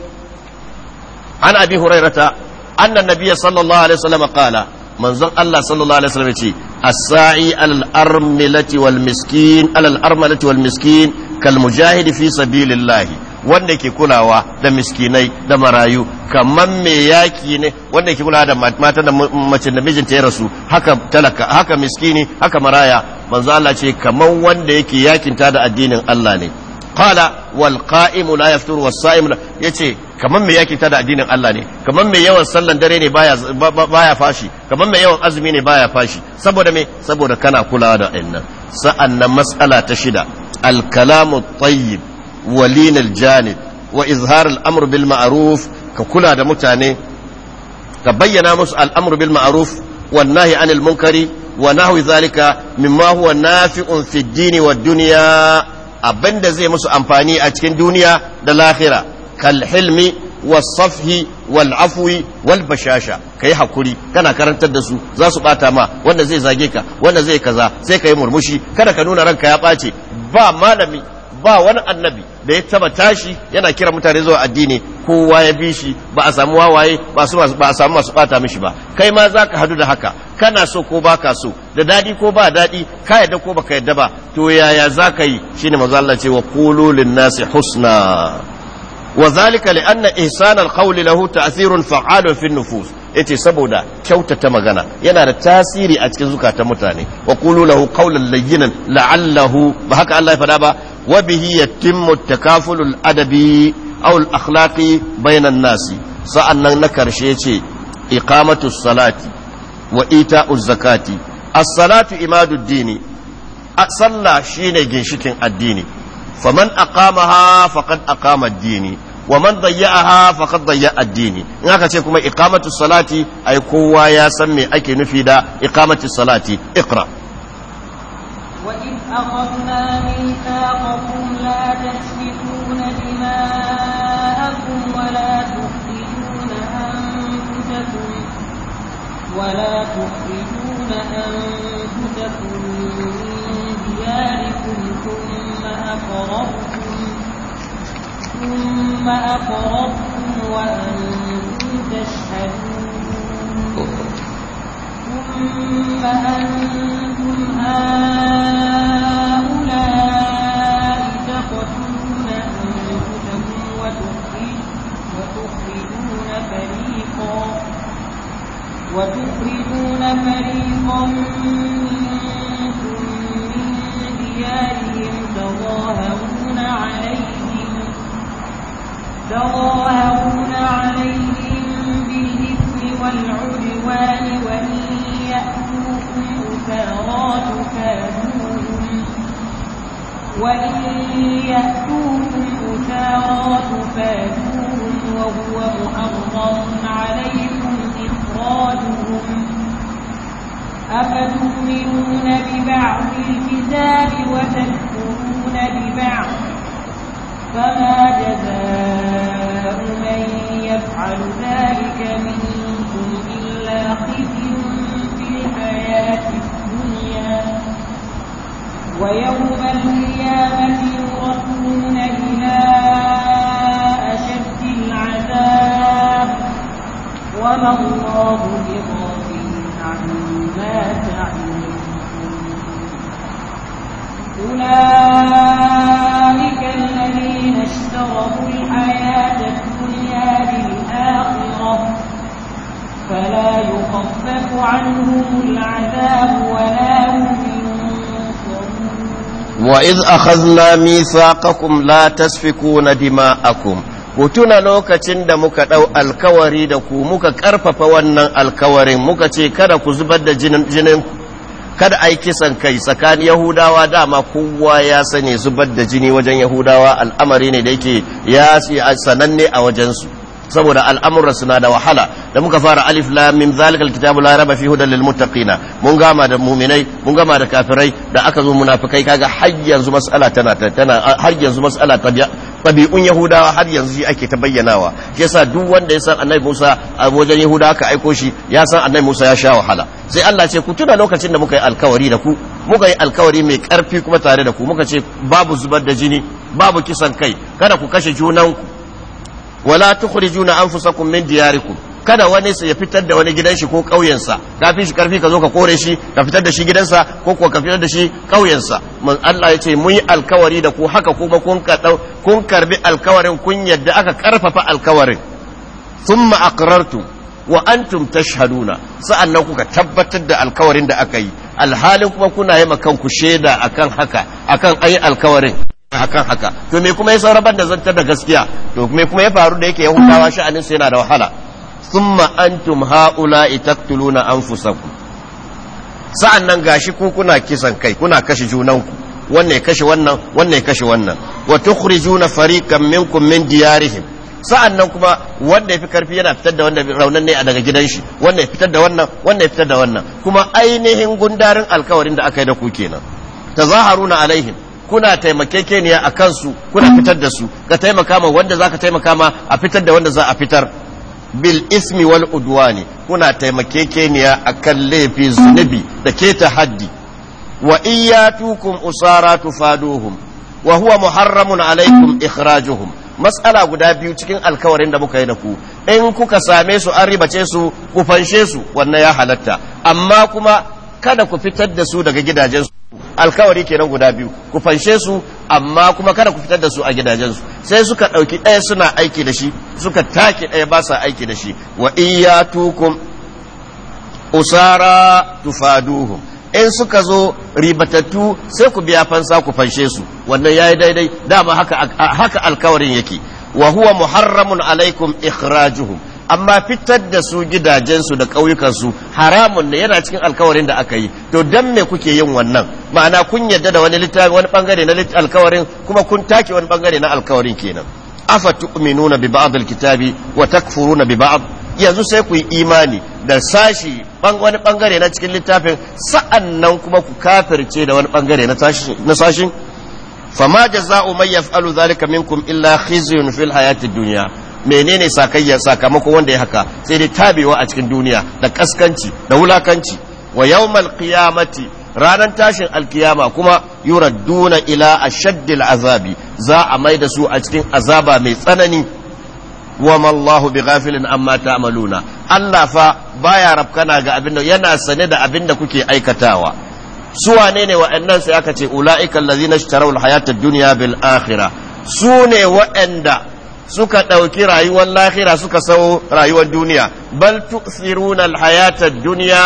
an abi hurairata annan nabiyya sallallahu alaihi wasallam qala manzon Allah sallallahu alaihi wasallam ce as-sa'i alal armilati wal miskin alal armalati wal miskin kal mujahidi fi sabilillahi. wanda ke kulawa da miskinai da marayu kaman me yaki ne wanda ke kulawa da matan da mace da mijinta ya rasu haka talaka haka miskini haka maraya manzo Allah ce kaman wanda yake yakinta da addinin Allah ne qala wal qa'imu la yaftur was sa'im yace kaman me yake ta da addinin Allah ne kaman me yawan sallan dare ne baya baya fashi kaman me yawan azumi ne baya fashi saboda me saboda kana kula da innan na mas'ala ta shida Alkalamu kalamu Walinal walin janib wa izhar al amr ka kula da mutane ka bayyana musu al amr bil ma'ruf wan nahi anil munkari wa nahwi zalika mimma huwa nafi'un fid dini abin zai musu amfani a cikin duniya da lahira kal hilmi wasafhi wal afwi wal bashasha kai hakuri kana karantar da su za su bata ma wanda zai zage ka wanda zai kaza sai ka yi murmushi kada ka nuna ranka ya ɓace ba malami ba wani annabi da ya taba tashi yana kira mutane zuwa addini kowa ya bi shi ba a samu wawaye ba a samu masu bata mishi ba kai ma za ka hadu da haka kana so ko ba ka so da daɗi ko ba daɗi ka yadda ko ka yadda ba to yaya za ka yi shine manzo Allah ce wa qulu lin nasi husna wa zalika li anna ihsan al qawli lahu ta'thirun fa'alun fi nufus yace saboda kyautata magana yana da tasiri a cikin zukatan mutane wa qulu lahu qawlan layyinan la'allahu ba haka Allah ya faɗa ba wa bihi yatimmu takafulul adabi au al akhlaqi bainan nasi sa'annan na karshe ce iqamatus salati wa ita'uz zakati as dini sallah shine ginshikin addini faman aqamaha faqad aqama ad-dini wa man dayya'aha faqad dayya'a ad-dini in aka ce kuma iqamatus salati ai kowa ya san me ake nufi da iqamatus salati iqra' أخذنا ميثاقكم لا تسفكون دماءكم ولا تخرجون أنفسكم ولا تخرجون أنفسكم من دياركم ثم أقررتم ثم أقررتم وأنتم تشهدون ثم أنتم آه وتخرجون فريقا منكم من ديارهم تظاهرون عليهم تظاهرون عليهم بالإثم والعدوان وإن يأتوكم أسارى تكادوهم وإن يأتوكم أسارى تفادوهم وهو محرم عليكم إخراجهم أفتؤمنون ببعض الكتاب وتكفرون ببعض فما جزاء من يفعل ذلك منكم إلا خزي في الحياة الدنيا ويوم القيامة يردون إلى وما الله بغافل عما تعملون أولئك الذين اشتروا الحياة الدنيا بالآخرة فلا يخفف عنهم العذاب ولا هم وإذ أخذنا ميثاقكم لا تسفكون دماءكم ku tuna lokacin da muka ɗau alkawari da ku muka ƙarfafa wannan alkawarin muka ce kada ku zubar da jinin kada ai kisan kai tsakanin yahudawa dama kowa ya sani zubar da jini wajen yahudawa al'amari ne da yake ya sananne a wajensu saboda al'amuran suna da wahala da muka fara alif la min zalikal kitabu la raba fi hudan lil muttaqina mun gama da mu'minai mun gama da kafirai da aka zo munafikai kaga har yanzu mas'ala tana tana har yanzu mas'ala tabi'un yahudawa har yanzu shi ake ta bayyanawa shi yasa duk wanda ya san annabi Musa a wajen yahudawa ka aiko shi ya san annabi Musa ya sha wahala sai Allah ce ku tuna lokacin da muka yi alkawari da ku muka yi alkawari mai karfi kuma tare da ku muka ce babu zubar da jini babu kisan kai kada ku kashe junanku wala tukhrijuna anfusakum min diyarikum kada wani ya fitar da wani gidan shi ko ƙauyensa kafin shi karfi ka zo ka kore shi ka fitar da shi gidansa ko kuwa ka fitar da shi ƙauyensa Allah ya ce mun yi alkawari da ku haka kuma kun kun karbi alkawarin kun yadda aka karfafa alkawarin thumma aqrartum wa antum tashhaduna sa'annan kuka tabbatar da alkawarin da aka yi alhalin kuma kuna yi kanku shaida akan haka akan ayi alkawarin akan haka to me kuma ya saurabar banda zartar da gaskiya to me kuma ya faru da yake yahudawa sha'anin su yana da wahala thumma antum haula itaktuluna anfusakum sa'an nan gashi ku kuna kisan kai kuna kashe junanku wanne ya kashe wannan wanne ya kashe wannan wa tukhrijuna fariqan minkum min diyarihim sa'an nan kuma wanda ya fi karfi yana fitar da wanda raunan ne a daga gidan shi wanda ya fitar da wannan wanda ya fitar da wannan kuma ainihin gundarin alkawarin da aka yi da ku kenan tazaharuna alaihim kuna taimakekeniya a kansu kuna fitar da su ka taimaka ma wanda za ka taimaka ma a fitar da wanda za a fitar bil ismi wal udwani kuna taimakekeniya a kan laifi zunubi da ke ta haddi wa iyatukum usara tufaduhum wa huwa muharramun alaikum ikhrajuhum matsala guda biyu cikin alkawarin da muka yi da ku in kuka same su an ribace su ku fanshe su wannan ya halatta amma kuma kada ku fitar da su daga gidajensu alkawari kenan guda biyu ku fanshe su amma kuma kada ku fitar da su a gidajen su sai suka ɗauki ɗaya suna aiki da shi suka take ɗaya ba sa aiki da shi wa iyatukum usara tufaduhu in suka zo ribatattu sai ku biya fansa ku fanshe su wannan yayi daidai dama haka haka alkawarin yake wa huwa muharramun alaikum ikhrajuhum amma fitar da su gidajensu da ƙauyukansu haramun ne yana cikin alkawarin da aka yi to dan me kuke yin wannan ma'ana kun yadda da wani littafi wani bangare na alkawarin kuma kun take wani bangare na alkawarin kenan afa tu'minuna bi ba'd alkitabi wa takfuruna bi ba'd yanzu sai ku yi imani da sashi wani bangare na cikin littafin sa'annan kuma ku kafirce da wani bangare na sashin fama jazaa'u man yaf'alu dhalika minkum illa khizyun fil hayatid dunya menene sakayya sakamako wanda ya haka sai dai tabewa a cikin duniya da kaskanci da wulakanci wa yawmal qiyamati ranar tashin alkiyama kuma yuradduna ila a shaddil azabi za a mai da su a cikin azaba mai tsanani wa mallahu bi ghafilin amma ta'maluna Allah fa baya rafkana ga abin da yana sane da abin da kuke aikatawa su wane ne wa'annan sai aka ce ula'ikal ladzina ishtaraw al-hayata ad-dunya bil akhirah su ne wa'anda suka ɗauki rayuwar lahira suka sau rayuwar duniya bal tu'thiruna alhayata duniya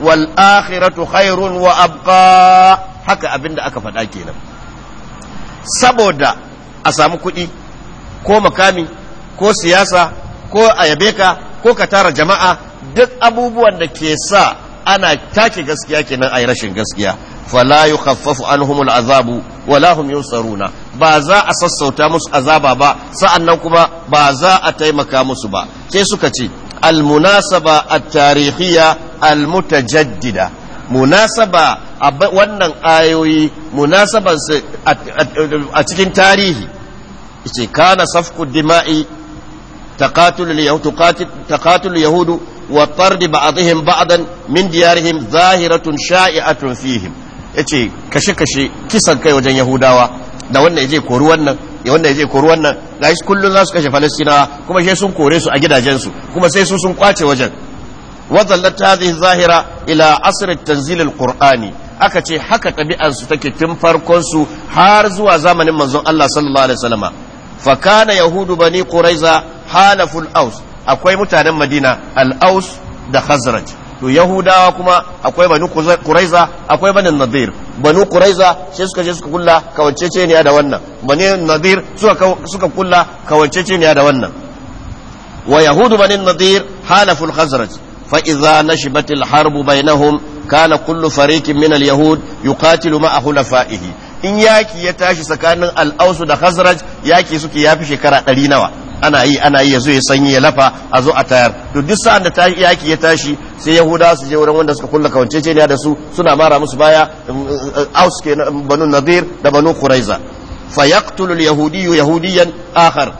wal akhiratu khairun wa abqa haka abinda aka faɗa kenan saboda a samu kuɗi ko makami ko siyasa ko ayabeka ko ka tara jama'a duk abubuwan da ke sa ana take gaskiya kenan a rashin gaskiya fala an anhumul azabu wala hum yunsaruna ba za a sassauta musu azaba ba sa'annan kuma ba za a taimaka musu ba sai suka ce almunasaba at-tarihiyya almutajaddida munasaba wannan ayoyi munasaban a cikin tarihi ce kana safku dima'i تقاتل اليهود وطرد بعضهم بعضا من ديارهم zahiratun شائعة فيهم ya ce kashe-kashe kisan kai wajen yahudawa da wanda ya je kori wannan ya wanda ya je kori wannan ga shi kullum za su kashe falastinawa kuma shi sun kore su a gidajensu kuma sai su sun kwace wajen ta zai zahira ila asirin tanzilin kur'ani aka ce haka ɗabi'ansu take tun farkon su har zuwa zamanin manzon Allah sallallahu alaihi wasallama yahudu bani quraiza halaful aus akwai mutanen madina al aus da khazraj to yahudawa kuma akwai banu kuraiza akwai Bani nadir banu kuraiza sai suka je suka kulla kawancece ne da wannan Bani nadir suka kulla kawancece ne da wannan wa yahudu Bani nadir halaful al-khazraj fa idza harbu al bainahum kana kullu fariqin min al-yahud yuqatilu ma'a hulafaihi in yaki ya tashi tsakanin al da khazraj yaki suke yafi shekara 100 nawa ana yi ana yi ya sanyi ya lafa a zo a tayar to duk sa'an da yaki ya tashi sai yahuda su je wurin wanda suka kulla kawancece ne da su suna mara musu baya um, uh, aus kenan banu nadir da banu quraiza fayaqtulu al-yahudiyyu yahudiyan akhar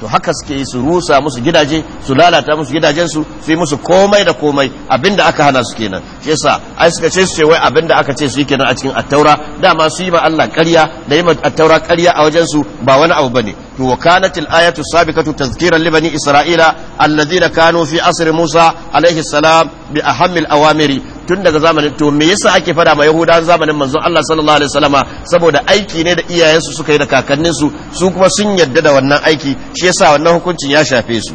to haka suke yi su rusa musu gidaje su lalata musu gidajensu su yi musu komai da komai abinda aka hana su kenan shi yasa ai suka ce su ce wai abinda aka ce su yi kenan a cikin attaura dama su yi ma Allah ƙarya da yi ma attaura ƙarya a wajen su ba wani abu bane to wa kanat al ayatu sabiqatu tazkiran li bani isra'ila alladhina kanu fi asr musa alaihi salam bi ahammil awamiri tun daga zamanin to me yasa ake fada ma yahudawan zamanin manzon Allah sallallahu alaihi wasallama saboda aiki ne da iyayensu suka yi da kakanninsu su kuma sun yadda da wannan aiki shi yasa wannan hukuncin ya shafe su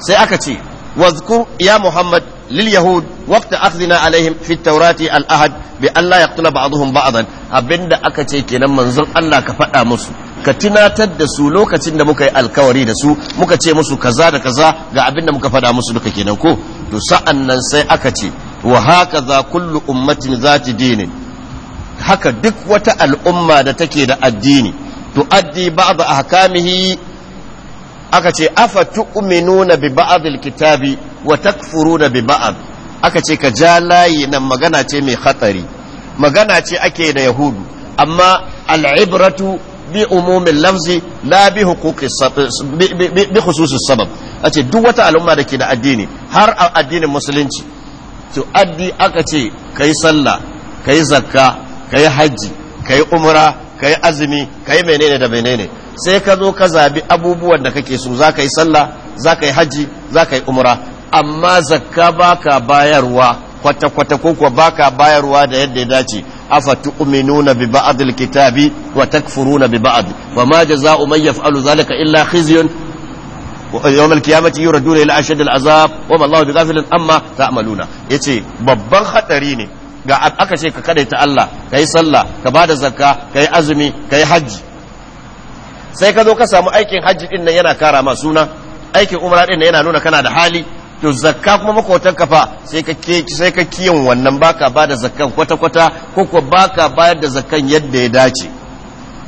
sai aka ce wazkur ya muhammad lil yahud waqta akhdina alaihim fi tawrati al ahad bi an la yaqtula ba'dhum ba'dan abinda aka ce kenan manzon Allah ka fada musu ka tunatar da su lokacin da muka yi alkawari da su muka ce musu kaza da kaza ga abin da muka faɗa musu duka kenan ko to sa'an nan sai aka ce wa haka za kullu ummatin zati dinin haka duk wata al'umma da take da addini to ba a ahkamihi aka ce afa tu'minuna bi ba'd alkitabi wa takfuruna bi ba'd aka ce ka ja layi nan magana ce mai hatsari magana ce ake da yahudu amma al'ibratu bi umumin lafzi la bi hukuki bi khususus sabab a ce duk wata al'umma da ke da addini har a addinin musulunci to addi aka ce kai sallah kai zakka kai hajji kai umra kai azumi kai menene da menene sai ka zo ka zabi abubuwan da kake so zaka yi sallah zaka yi hajji zaka yi umra amma zakka baka bayarwa kwata-kwata ko baka bayarwa da yadda ya dace أفتؤمنون ببعض الكتاب وتكفرون ببعض وما جزاء من يفعل ذلك إلا خزي يوم القيامة يردون إلى أشد العذاب وما الله بغافل أما تعملون يتي babban haɗari ne ga aka ce ka ta Allah ka yi sallah ka ba da zakka ka yi azumi ka yi hajji sai ka zo ka samu aikin hajji ɗin nan yana kara ma suna aikin umra ɗin nan yana nuna kana da hali to zakka kuma makotan kafa sai ka sai ka kiyan wannan baka ba da zakkan kwata kwata ko ko baka bayar da zakkan yadda ya dace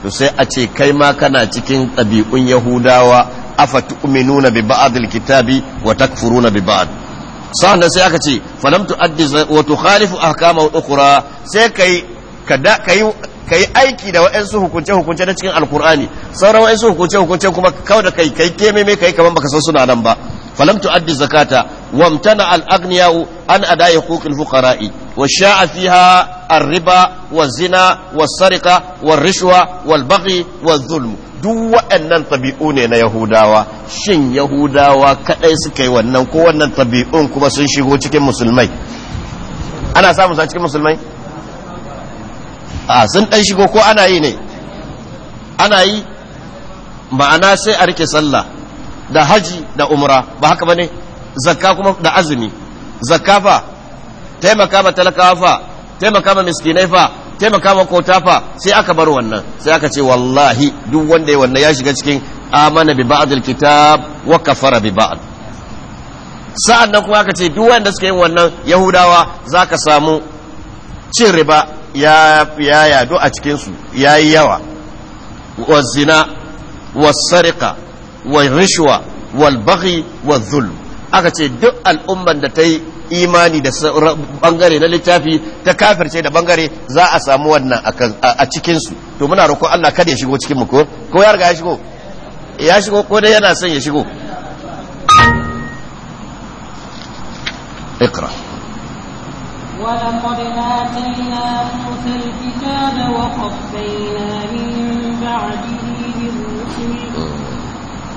to sai a ce kai ma kana cikin ɗabi'un yahudawa afa tu'minuna bi ba'dil kitabi wa takfuruna bi ba'd sannan sai aka ce falam tu'addi wa tukhalifu ahkama ukhra sai kai kada kai ka yi aiki da waɗansu hukunce-hukunce na cikin alkur'ani sauran waɗansu hukunce-hukunce kuma kawai da kai kai keme mai kai kaman baka san suna nan ba Falamtu tu'addi zakata wamtana al-aghniya'u an adai huquqil fuqara'i وشاع فيها الربا والزنا والسرقة والرشوة والبغي والظلم duk waɗannan tabi'u ne na Yahudawa shin Yahudawa kaɗai suka wannan ko wannan tabi'un kuma sun shigo cikin musulmai ana samun sa cikin musulmai a sun ɗan shigo ko ana yi ne ana yi ma'ana sai a rike sallah da haji da umra ba haka bane zakka kuma da azumi zakka fa taimaka ma talakawa fa taimaka ma miskinai fa taimaka ma kota fa sai aka bar wannan sai aka ce wallahi duk wanda ya wannan ya shiga cikin amana bi ba'd alkitab wa kafara bi ba'd sa'an nan kuma aka ce duk wanda suka yi wannan yahudawa zaka samu cin riba ya ya yado a cikin su yayi yawa wa zina wa sariqa wal rishwa wal baghi wal zulm aka ce duk al'umman da ta yi imani da bangare na littafi ta kafirce da bangare za a samu wannan a cikin su to muna roƙo Allah kada ya shigo cikin mu ko ko ya riga ya shigo ya shigo ko dai yana son ya shigo iqra ولقد آتينا موسى الكتاب وقفينا من بعده بالرسل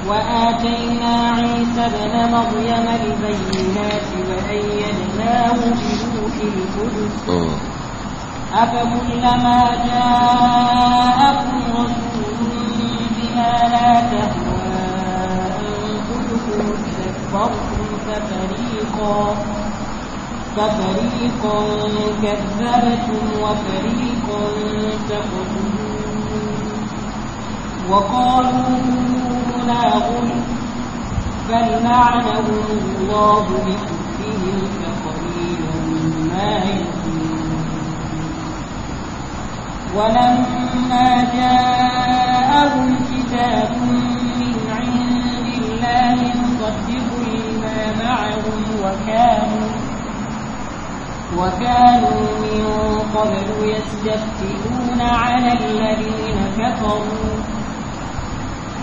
وآتينا عيسى ابن مريم البينات وأيدناه بروح القدس آه. أفكلما جاءكم رسول بما لا تهوى أنفسكم استكبرتم ففريقا ففريقا كذبتم وفريقا تقتلون وقالوا بل فلنعلم الله بحبهم فقليلا ما يؤمنون ولما جاءهم كتاب من عند الله مصدق لما معهم وكانوا وكانوا من قبل يستفتحون على الذين كفروا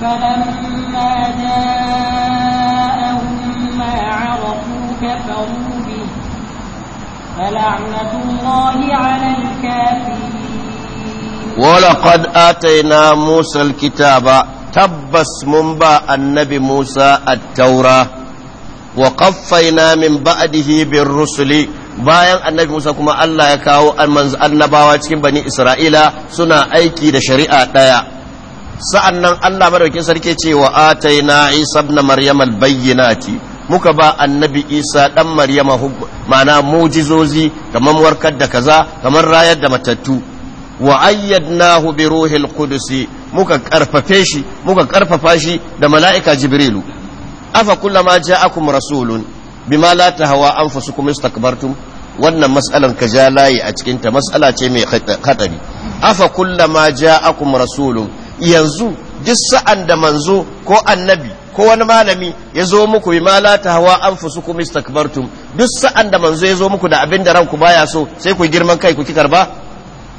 فلما جاءهم ما عرفوا كفروا به فلعنة الله على الكافرين ولقد آتينا موسى الكتاب تبس منبا النبي موسى التوراة وقفينا من بعده بالرسل bayan annabi Musa kuma Allah ya kawo annabawa cikin bani Isra'ila suna aiki da shari'a ɗaya Sa'an nan Allah madaukin sarki ce wa na Isa na maryama bayyana ce muka ba annabi Isa ɗan Maryama ma'ana mujizozi kamar warkar da kaza kamar rayar da matattu wa na bi ruhil kudusi muka karfafe shi muka karfafa shi da mala'ika Jibrilu afa kullama ja'akum rasulun bima la tahwa anfusukum istakbartum wannan matsalan ka ja layi a cikinta matsala ce mai hatsari afa kullama ja'akum rasulun yanzu duk sa'an da manzo ko annabi ko wani malami ya zo muku bi mala ta hawa an fusu kuma istakbartum duk sa'an da manzo ya zo muku da abin da ranku baya so sai ku girman kai ku kikar ba.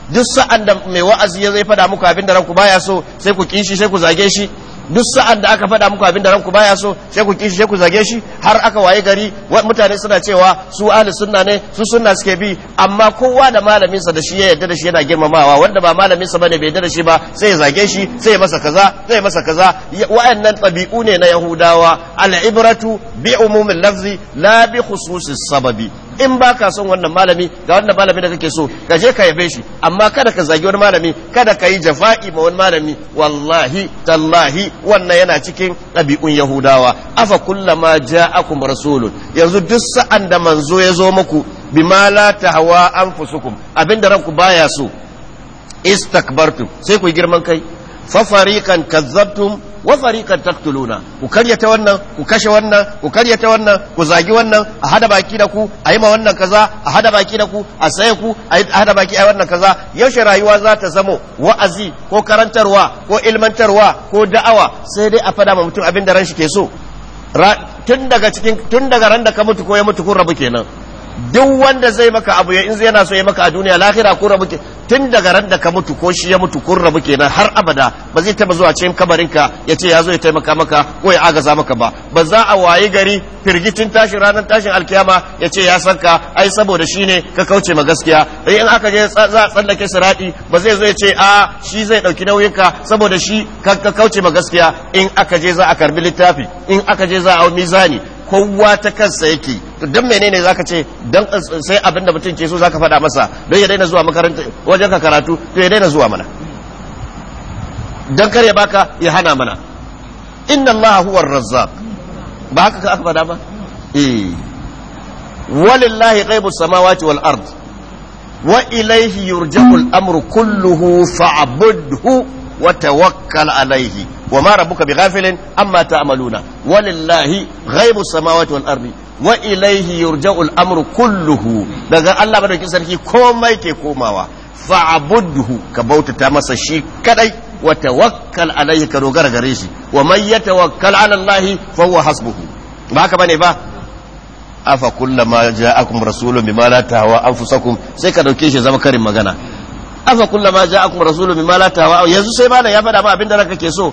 duk sa'an da mai wa'azi ya zai faɗa muku abin da ranku baya so sai ku kishi sai ku zage shi duk sa'an da aka fada muku abin da ranku baya so sai ku kishi sai ku zage shi har aka waye gari mutane suna cewa su ahli sunna ne su sunna suke bi amma kowa da malamin da shi ya yarda da shi yana girmamawa wanda ba malamin sa bane bai yarda da shi ba sai zage shi sai ya masa kaza sai masa kaza wa'annan tabi'u ne na yahudawa al-ibratu bi umumil lafzi la bi khususis sababi in ba ka son wannan malami ga wannan malami da kake so ka je ka yabe shi amma kada ka zagi wani malami kada ka yi jafa'i ma wani malami wallahi tallahi wannan yana cikin ɗabi'un yahudawa afa kullama ja'akum rasulun yanzu duk sa'an da manzo ya zo muku bima la tahwa anfusukum abinda ranku baya so istakbartum sai ku girman kai fa fariqan kazzabtum wa tariqan ku karyata wannan ku kashe wannan ku karyata wannan ku zagi wannan a hada baki da ku a yi ma wannan kaza a hada baki da ku a saye ku a hada baki a wannan kaza yaushe rayuwa za ta zamo wa'azi ko karantarwa ko ilmantarwa ko da'awa sai dai a fada ma mutum abin da ran shi ke so tun daga ran da ka mutu ko ya mutu kun rabu kenan duk wanda zai maka abu ya in zai yana so ya maka a duniya lahira ko rabu tun daga ran da ka mutu ko shi ya mutu kun rabu kenan har abada ba zai taba zuwa cikin kabarinka ya ce ya zo ya taimaka maka ko ya agaza maka ba ba za a wayi gari firgitin tashin ranar tashin alkiyama ya ce ya san ka ai saboda shi ne ka kauce ma gaskiya in aka je za a tsallake siradi ba zai zo ya ce a ah, shi zai dauki ka saboda shi ka kauce ma gaskiya in aka je za a karbi littafi in aka je za a mizani kowa ta kansa yake to dan menene zaka ce dan eh, sai abin da mutum ke so zaka faɗa masa don ya daina zuwa makaranta wajen ka karatu to ya daina zuwa mana dan kar ya baka ya hana mana inna allaha huwa razzaq ba haka ka aka faɗa ba eh walillahi ghaibus samawati wal ard wa ilayhi yurja'ul amru kulluhu fa'budhu wa tawakkal alaihi wa ma rabbuka bighafilin amma ta'maluna walillahi ghaibu samawati wal arbi wa ilaihi yurja'u amru kulluhu daga Allah madaukakin sarki komai ke komawa Fa fa'budhu ka bautata masa shi kadai wa tawakkal alaihi ka dogara gare shi wa mai yatawakkal ala Allah fa hasbuhu ba haka bane ba afa kullama ja'akum rasulun bima la tahwa anfusakum sai ka dauke shi zama karin magana afa ja ja'akum rasulun bima la tawa yanzu sai malam ya faɗa ma abinda da kake ke so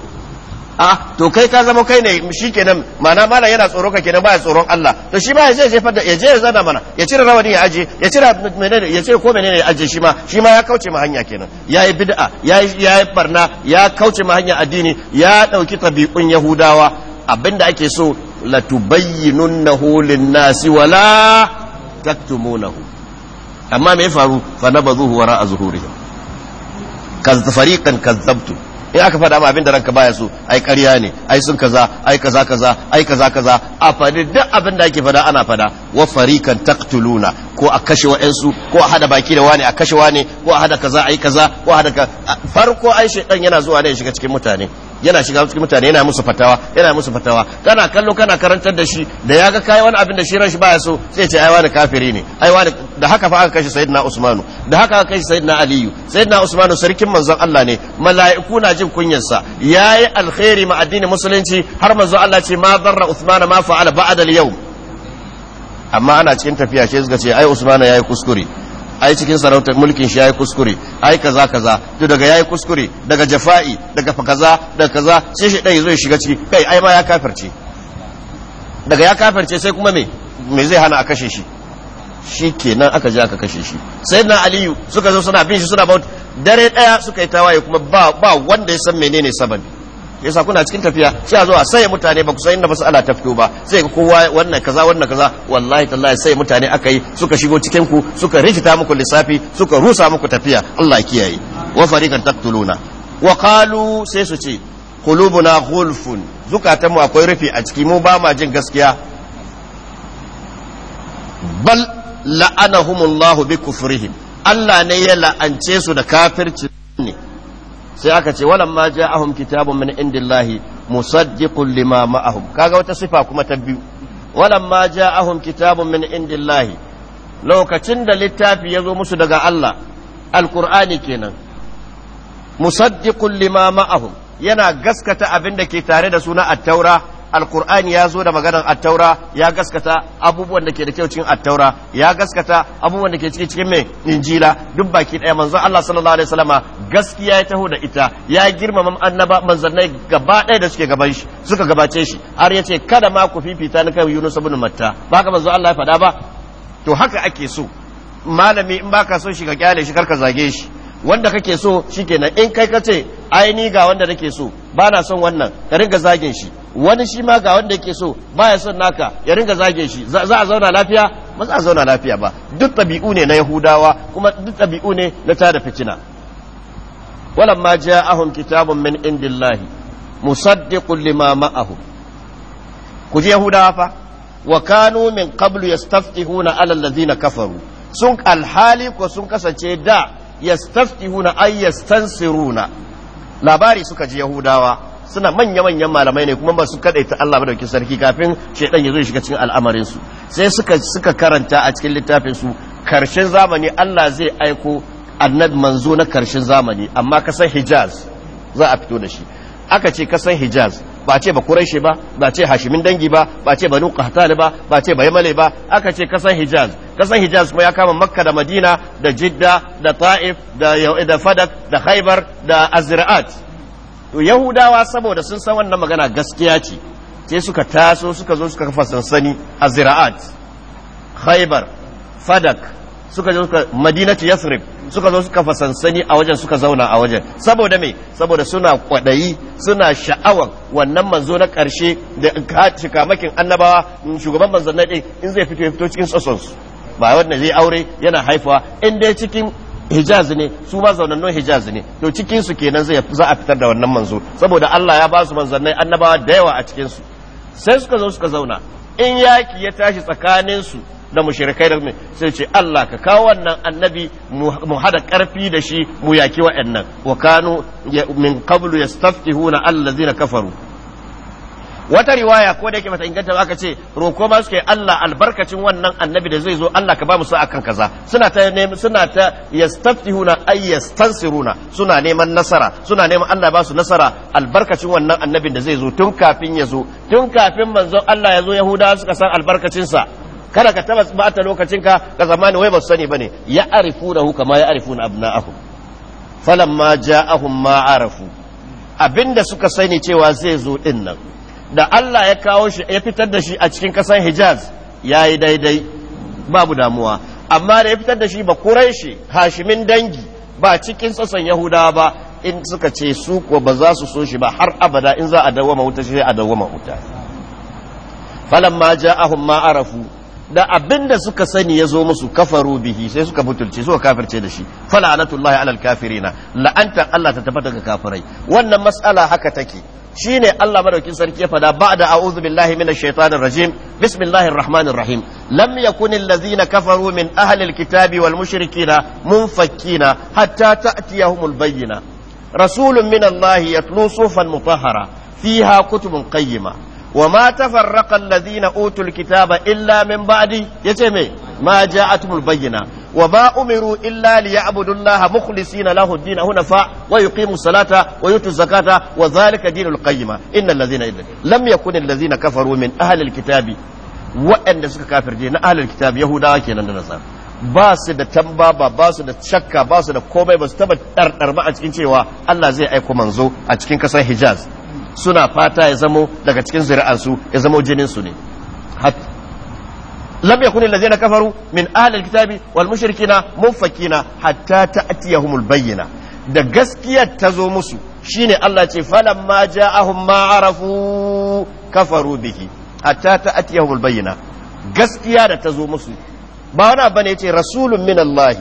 a ah, to kai ka zama kai ne shi kenan mana malam yana tsoro ka kenan baya tsoron Allah to shi ma ya je jefar da ya je ya zana mana ya cire rawani ya aje ya cire menene ya cire ko menene ya aje shi ma shi ma ya kauce ma hanya kenan yayi bid'a yayi yayi barna ya kauce ma hanya addini ya dauki tabi'un yahudawa abinda ake so la tubayyinunnahu lin-nasi wala taktumunahu amma me ya faru fa nabazuhu wara'a zuhurihim fariqan kazzabtu in aka faɗa ma abin da ranka baya so ai ƙarya ne ai sun kaza ai kaza kaza ai kaza kaza a faɗi duk abin da ake faɗa ana faɗa wa farikan taqtuluna ko a kashe wa'ansu ko a hada baki da wani a kashe wani ko a hada kaza ai kaza ko a hada farko ai shaytan yana zuwa ne shiga cikin mutane yana shiga cikin mutane yana musu fatawa yana musu fatawa kana kallo kana karantar da shi da ya ga kai wani abin da shi ran shi baya so sai ce ai wani kafiri ne ai wani da haka fa aka kashe sayyidina usmanu da haka aka kashe sayyidina aliyu sayyidina usmanu sarkin manzon Allah ne mala'iku na jin kunyar sa yayi alkhairi ma addinin musulunci har manzon Allah ce ma darra usmana ma fa'ala ba'da al-yawm amma ana cikin tafiya sai suka ce ai usmana yayi kuskure ai cikin sarautar mulkin shi ya yi kuskure ai kaza kaza to daga yayi kuskure daga jafa'i daga fa kaza daga kaza sai shi dai zai shiga ciki kai ai ma ya kafirce daga ya kafirce sai kuma me me zai hana a kashe shi shi kenan aka je aka kashe shi na aliyu suka zo suna bin shi suna bauta dare daya suka yi tawaye kuma ba ba wanda ya san menene sababi yasa kuna cikin tafiya sai a zo a sai mutane ba ku san inda mas'ala ala fito ba sai ku kowa wannan kaza wannan kaza wallahi tallahi sai mutane aka yi suka shigo cikin ku suka rikita muku lissafi suka rusa muku tafiya Allah kiyaye wa fariqan taqtuluna wa qalu sai su ce qulubuna ghulfun zukatanmu akwai rufi a ciki mu ba ma jin gaskiya bal la'anahumullahu bi Allah ne ya la'ance su da kafirci ne sai aka ce walan ma ahum kitabun min indillahi musaddiqun lima ma'ahum kaga wata sifa kuma ta biyu walan ma ahum kitabun min indillahi lokacin da littafi ya zo musu daga Allah alqur'ani kenan musaddiqun lima ma'ahum yana gaskata abin da ke tare da suna at-taura alkur'ani ya zo da maganar attaura ya gaskata abubuwan da ke da kyau cikin attaura ya gaskata abubuwan da ke cikin cikin mai injila duk baki ɗaya manzon Allah sallallahu alaihi wasallama gaskiya ya taho da ita ya girmama annaba manzannai gaba ɗaya da suke gaban shi suka gabace shi har ya ce kada ma ku fifita ni kai Yunus ibn Matta ba ka manzon Allah ya faɗa ba to haka ake so malami in baka so shi ka kyale shi karka zage shi wanda kake so shikenan in kai ka ce ai ni ga wanda nake so ba na son wannan ka ringa zagin shi wani shi ma ga wanda yake so ba ya son naka ya ringa zage shi za a zauna lafiya ba za a zauna lafiya ba duk ɗabi'u ne na yahudawa kuma duk ɗabi'u ne na tada fitina ma ja ahun kitabun min indillahi musaddiqun lima ma'ahum ku ji yahudawa fa wa kanu min qablu yastaftihuna ala alladhina kafaru sun alhali ko sun kasace da yastaftihuna ay yastansiruna labari suka ji yahudawa suna manya-manyan malamai ne kuma ba su kadaita Allah dauki sarki kafin shedan ya zo shiga cikin al'amarin su sai suka suka karanta a cikin littafin su karshen zamani Allah zai aiko annab manzo na karshen zamani amma kasan Hijaz za a fito da shi aka ce kasan Hijaz ba ce ba Quraishi ba ba ce Hashimin dangi ba ba ce Banu Qahtal ba ba ce Baymale ba aka ce kasan Hijaz kasan Hijaz kuma ya kama Makka da Madina da Jidda da Ta'if da Fadak da Khaybar da Azra'at to yahudawa saboda sun san wannan magana gaskiya ce sai suka taso suka zo suka kafa sansani a zira'at khaybar fadak suka zo suka madinatu yathrib suka zo suka kafa sansani a wajen suka zauna a wajen saboda me saboda suna kwadayi suna sha'awan wannan manzo na karshe da makin annabawa mm, shugaban manzon na in zai fito ya fito cikin sasonsu ba wanda zai aure yana haifawa in dai cikin hijaz ne su ma zaunannun hijaz ne to cikin su kenan zai za a fitar da wannan manzo saboda Allah ya ba su manzannai annabawa da yawa a cikin su sai suka zo suka zauna in yaki ya tashi tsakanin su da mushrikai da sai ce Allah ka kawo wannan annabi mu hada karfi da shi mu yaki wa'annan wa kanu min qablu yastafihuna allazina kafaru wata riwaya ko da yake mata inganta ba aka ce roko ma suke Allah albarkacin wannan annabi da zai zo Allah ka ba mu sa'a kan kaza suna ta neman suna ta yastafihuna ay yastansiruna suna neman nasara suna neman Allah ba su nasara albarkacin wannan annabin da zai zo tun kafin ya zo tun kafin manzon Allah ya zo Yahuda suka san albarkacin sa kada ka taba bata lokacin ka zamani wai ba su sani bane ya arifunahu kama ya arifuna abna'ahum falamma ja'ahum ma arafu abinda suka sani cewa zai zo dinnan. da Allah ya kawo shi ya fitar da shi a cikin kasar Hijaz ya yi daidai babu damuwa amma da ya fitar da shi ba shi hashimin dangi ba cikin sassan Yahudawa ba in suka ce su ko ba za su so shi ba har abada in za a dawo wuta shi a dawo wuta falamma ja'ahum ma arafu da abinda suka sani ya zo musu kafaru bihi sai suka butulce suka kafirce da shi fala'anatullahi alal kafirina La'anta Allah ta tabbata ga kafirai wannan mas'ala haka take shine Allah madaukin sarki ya fada ba'da a'udhu billahi minash shaitanir rajim bismillahir rahmanir rahim lam yakunil ladzina kafaru min ahlil kitabi wal mushrikina munfakkina hatta ta'tiyahumul bayyina rasulun minallahi yatlu sufan mutahhara fiha kutubun qayyimah wa ma tafarraqa alladhina utul kitaba illa min ba'di yace me ma ja'atumul bayyina wa ba umiru illa liya'budullaha mukhlisina lahu ad-din hunafa wa yuqimu salata wa yutu zakata wa dhalika dinul qayyima innal ladhina lam yakun alladhina kafaru min ahli al-kitabi waɗanda suka kafirje na ahlul kitabi yahudawa kenan da nasara ba su da tambaba ba su da shakka ba su da komai ba su taba ɗarɗarma a cikin cewa Allah zai aiko manzo a cikin ƙasar Hijaz suna fata ya zamo daga cikin zuri'ansu ya zamo jininsu ne lam yakun allazina kafaru min ahli alkitabi wal mushrikina munfakina hatta ta'tiyahumul bayyina da gaskiyar ta zo musu shine Allah ce falamma ja'ahum ma arafu kafaru bihi hatta ta'tiyahumul bayyina gaskiya da ta zo musu ba wani bane yace rasulun min Allah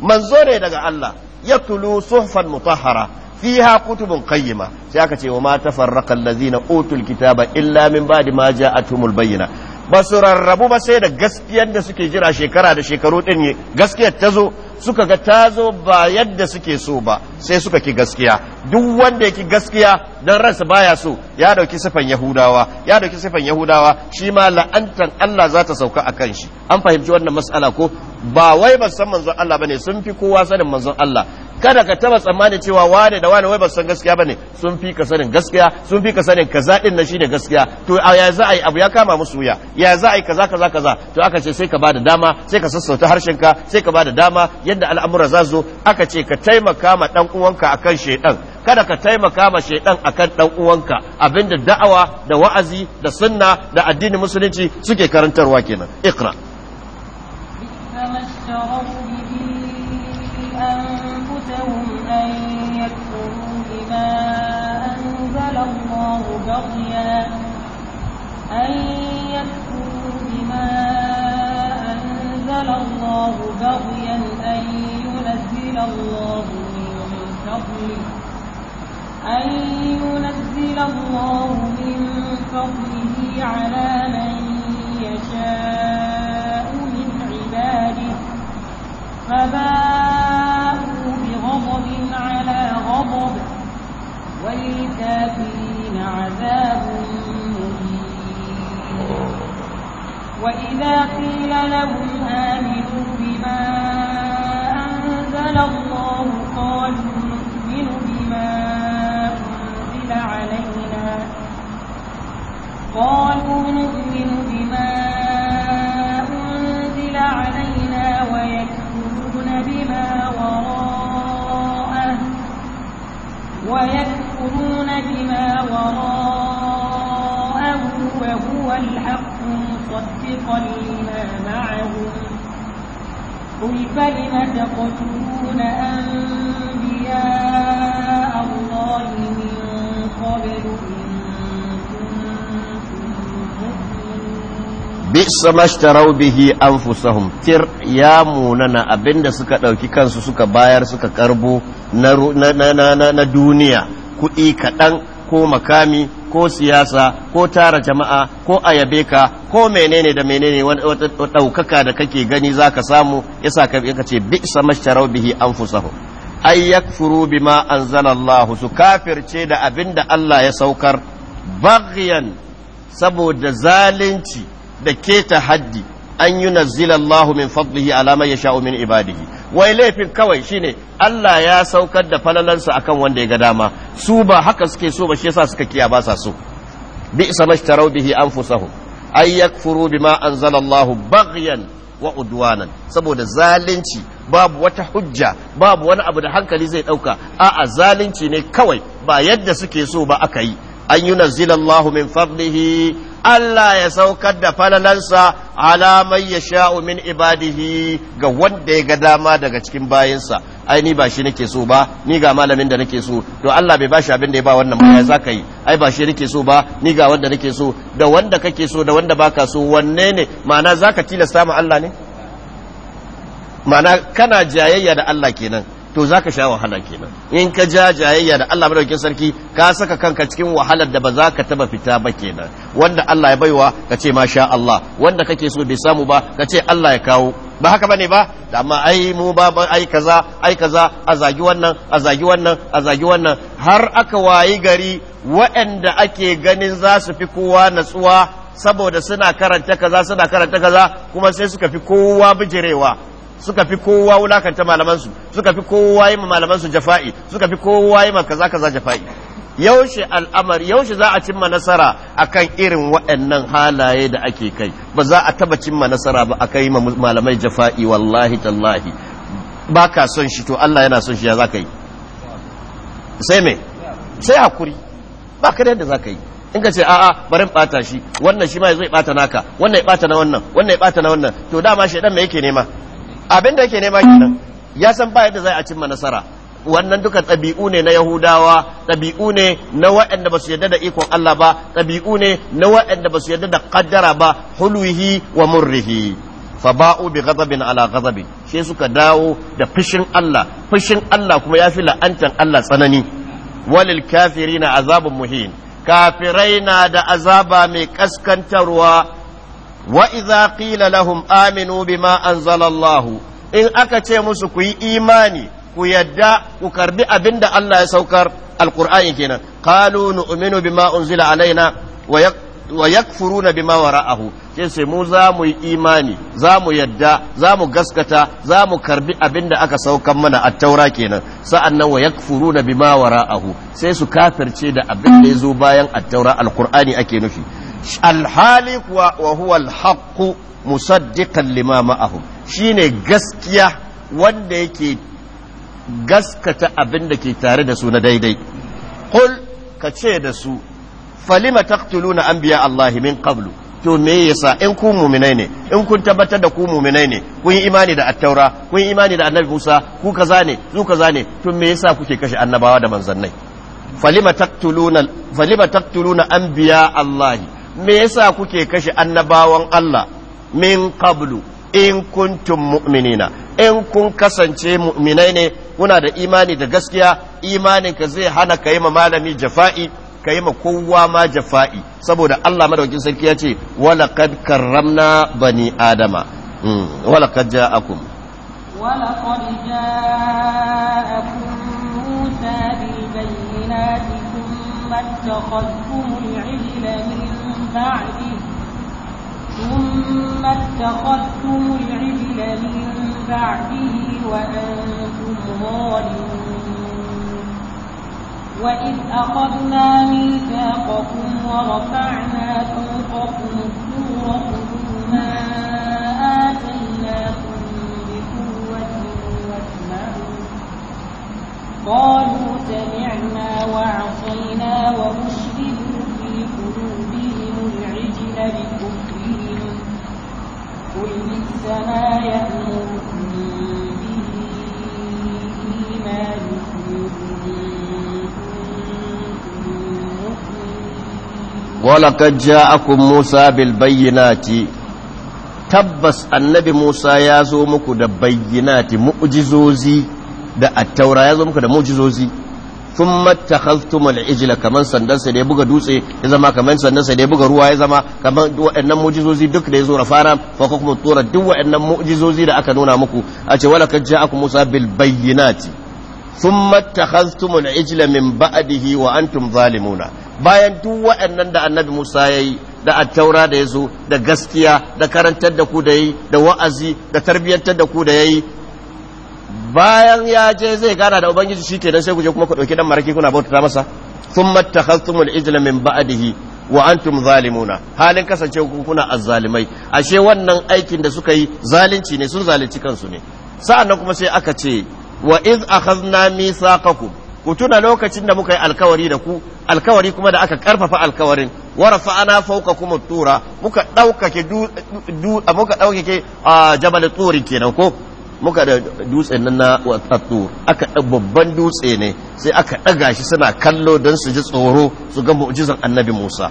manzo ne daga Allah yatlu suhfan mutahhara fiha كتب qayyima sai aka ce wa ma tafarraqa allazina utul kitaba illa min ba'di ma tumul bayyana. ba su rarrabu ba sai da gaskiyar da suke jira shekara da shekaru din ne gaskiyar ta zo suka ga ta zo ba yadda suke so ba sai suka ki gaskiya duk wanda yake gaskiya dan ransa baya so ya dauki sifan yahudawa ya dauki sifan yahudawa shi ma la'antan Allah za ta sauka a kan shi an fahimci wannan mas'ala ko ba wai ba san manzon Allah bane sun fi kowa sanin manzon Allah kada ka taba tsammanin cewa wane da wane wai ba san gaskiya bane sun fi ka sanin gaskiya sun fi ka sanin kaza din na shine gaskiya to ya za a yi abu ya kama musu wuya ya za a yi kaza kaza kaza to aka ce sai ka bada dama sai ka sassauta harshenka sai ka bada dama yadda al'amura za zo aka ce ka taimaka ma dan uwanka akan shedan kada ka taimaka ma shedan akan dan uwanka abinda da'awa da wa'azi da sunna da addinin musulunci suke karantarwa kenan iqra أن يكفروا بما أنزل الله بغيا أن ينزل الله من فضله أن ينزل الله من فضله على من يشاء من عباده فباءوا بغضب على غضب وللكافرين عذاب وإذا قيل لهم آمنوا بما أنزل الله قالوا نؤمن بما أنزل علينا قالوا نؤمن بما أنزل علينا ويكفرون بما وراءه ويكفرون بما وراءه وهو الحق مصدقا لما معهم قل فلم تقتلون أنبياء الله من قبل bi'sa bihi anfusahum tir ya munana abinda suka ɗauki kansu suka bayar suka karbo na na na, na duniya kuɗi kaɗan ko makami ko siyasa ko tara jama'a ko ayabe ka ko menene da menene wata ɗaukaka da kake gani za ka samu yasa ka ce bi'sa mashtarau bihi anfusahum ay yakfuru bima anzala Allah su kafirce da abin da Allah ya saukar baghyan saboda zalunci da keta haddi an yi Allah min fadlihi ala man yasha'u min ibadihi wai laifin kawai shine Allah ya saukar da falalansa akan wanda ya ga dama su ba haka suke so ba shi yasa suka kiya ba sa so bi samash tarau bihi anfusahum ay yakfuru bima anzalallahu baghyan wa udwanan saboda zalunci babu wata hujja babu wani abu da hankali zai dauka a'a zalunci ne kawai ba yadda suke so ba aka yi an yunazzilallahu min fadlihi Allah ya saukar da falalansa ala mai ya sha'u min ibadihi ga wanda ya ga dama daga cikin bayansa ai ni ba shi nake so ba ni ga malamin da nake so to Allah bai ba shi abin da ya ba wannan ba za ka yi ai ba shi nake so ba ni ga wanda nake so da wanda kake so da wanda baka so wanne ne ma'ana ka tilasta ma Allah ne ma'ana kana jayayya da Allah kenan to za ka sha wahala kenan in ka ja jayayya da Allah madaukakin sarki ka saka kanka cikin wahalar da ba za ka taba fita ba kenan wanda Allah ya baiwa ka ce masha Allah wanda kake so bai samu ba ka ce Allah ya kawo ba haka bane ba da amma ai mu ba ai kaza ai kaza a zagi wannan a zagi wannan a zagi wannan har aka wayi gari waɗanda ake ganin za su fi kowa natsuwa saboda suna karanta kaza suna karanta kaza kuma sai suka fi kowa bijirewa suka fi kowa wulakanta malamansu suka fi kowa yi ma malamansu jafa'i suka fi kowa yi ma kaza kaza jafa'i yaushe al'amar yaushe za a cimma nasara akan irin waɗannan halaye da ake kai ba za a taba cimma nasara ba aka yi malamai jafa'i wallahi tallahi ba ka son shi to Allah yana son shi ya za ka yi sai me sai hakuri ba ka da yadda za ka yi in ka ce a'a bari in bata shi wannan shi ma zai bata naka wannan ya bata na wannan wannan ya bata na wannan to dama shedan me yake nema abin da yake nema kenan ya san ba yadda zai a cimma nasara wannan duka ɗabi'u ne na yahudawa ɗabi'u ne na waɗanda ba su yarda da ikon Allah ba ɗabi'u ne na waɗanda ba su yarda da ƙaddara ba hulwihi wa murrihi fa ba'u bi ghadabin ala ghadabi sai suka dawo da fushin Allah fushin Allah kuma ya yafi la'antan Allah tsanani walil kafirina azabun muhin kafirai na da azaba mai kaskantarwa Wa'iza idza qila lahum aminu bima anzalallahu in aka ce musu ku yi imani ku yarda ku karbi abinda Allah ya saukar alqur'ani kenan qalu nu'minu bima unzila alaina wa yakfuruna bima wara'ahu sai sai mu za mu yi imani za mu yadda za mu gaskata za mu karbi abin aka saukan mana a taura kenan sa'annan wa yakfuruna bima wara'ahu sai su kafirce da abin da ya zo bayan at-taura alqur'ani ake nufi alhali kuwa wa huwa alhaqqu musaddiqan lima ma'ahum shine gaskiya wanda yake gaskata abin da ke tare da su na daidai qul ka ce da su falima taqtuluna anbiya allahi min qablu to me yasa in ku muminai ne in kun tabbatar da ku muminai ne kun yi imani da attaura kun yi imani da annabi Musa ku kaza ne zu kaza ne to me yasa kuke kashe annabawa da manzannai falima taqtuluna falima taqtuluna anbiya Allahi. me yasa kuke kashe annabawan Allah min qablu in kuntum mu'minina in kun kasance mu'minai ne kuna da imani da gaskiya imanin ka zai hana ka yi ma malami jafa'i ka yi ma kowa ma jafa'i saboda Allah madaukin sarki ya ce walaqad karramna bani adama hmm, walaqad ja'akum walaqad ja'akum musa bil bayyinati thumma اتخذتم العجل من بعده ثم اتخذتم العجل من بعده وأنتم ظالمون وإذ أخذنا ميثاقكم ورفعنا فوقكم الطور خذوا ما آتيناكم بقوة واسمعوا قالوا سمعنا وعصينا وأشركوا بكفرهم قل بئس ما يأمركم به tabbas annabi Musa ya zo muku da bayyinati mu'jizozi da attaura ya zo muku da mu'jizozi thumma takhaztumul ijla kaman sandan sa da buga dutse ya zama kaman sandan sa da buga ruwa ya zama kaman wa'annan mu'jizozi duk da ya zo fara fa kuma tura duk waɗannan mu'jizozi da aka nuna muku a ce wala kad ja'akum musa bil bayyinati thumma takhaztumul ijla min ba'dihi wa antum zalimuna bayan duk waɗannan da annabi musa yayi da attaura da yazo da gaskiya da karantar da ku da yi da wa'azi da tarbiyyantar da ku da yayi bayan ya ce zai gana da ubangiji shi kenan sai ku je kuma ku ɗauki dan maraki kuna bauta masa sun mattakhastumul ijla min ba'dihi wa antum zalimuna halin kasance kuna azzalimai ashe wannan aikin da suka yi zalunci ne sun zalunci kansu ne sa'annan kuma sai aka ce wa iz akhadna mithaqakum ku tuna lokacin da muka yi alkawari da ku alkawari kuma da aka karfafa alkawarin wa rafa'ana fawqakum at-tura muka ɗaukake du muka ke jabal turi kenan ko muka da dutse nan na watattu aka babban dutse ne sai aka ɗaga shi suna kallo don su ji tsoro su ga mu'jizan annabi musa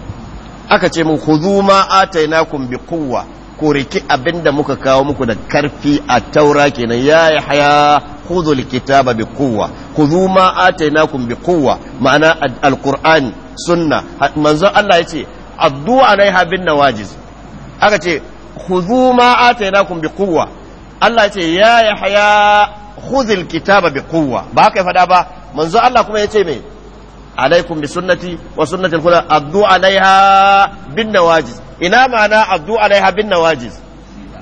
aka ce mun khudhu ma kun bi quwwa ku riki abinda muka kawo muku da karfi a taura kenan ya haya khudhu alkitaba bi quwwa khudhu ma kun bi quwwa ma'ana alkur'ani sunna manzon Allah yace addu'a alaiha habin nawajiz aka ce khudhu ma kun bi quwwa Allah ce ya haya huzil kitaba bi quwwa ba haka faɗa ba manzo Allah kuma yace me alaikum bi sunnati wa sunnati al addu alaiha bin nawajiz ina ma'ana addu alaiha bin nawajiz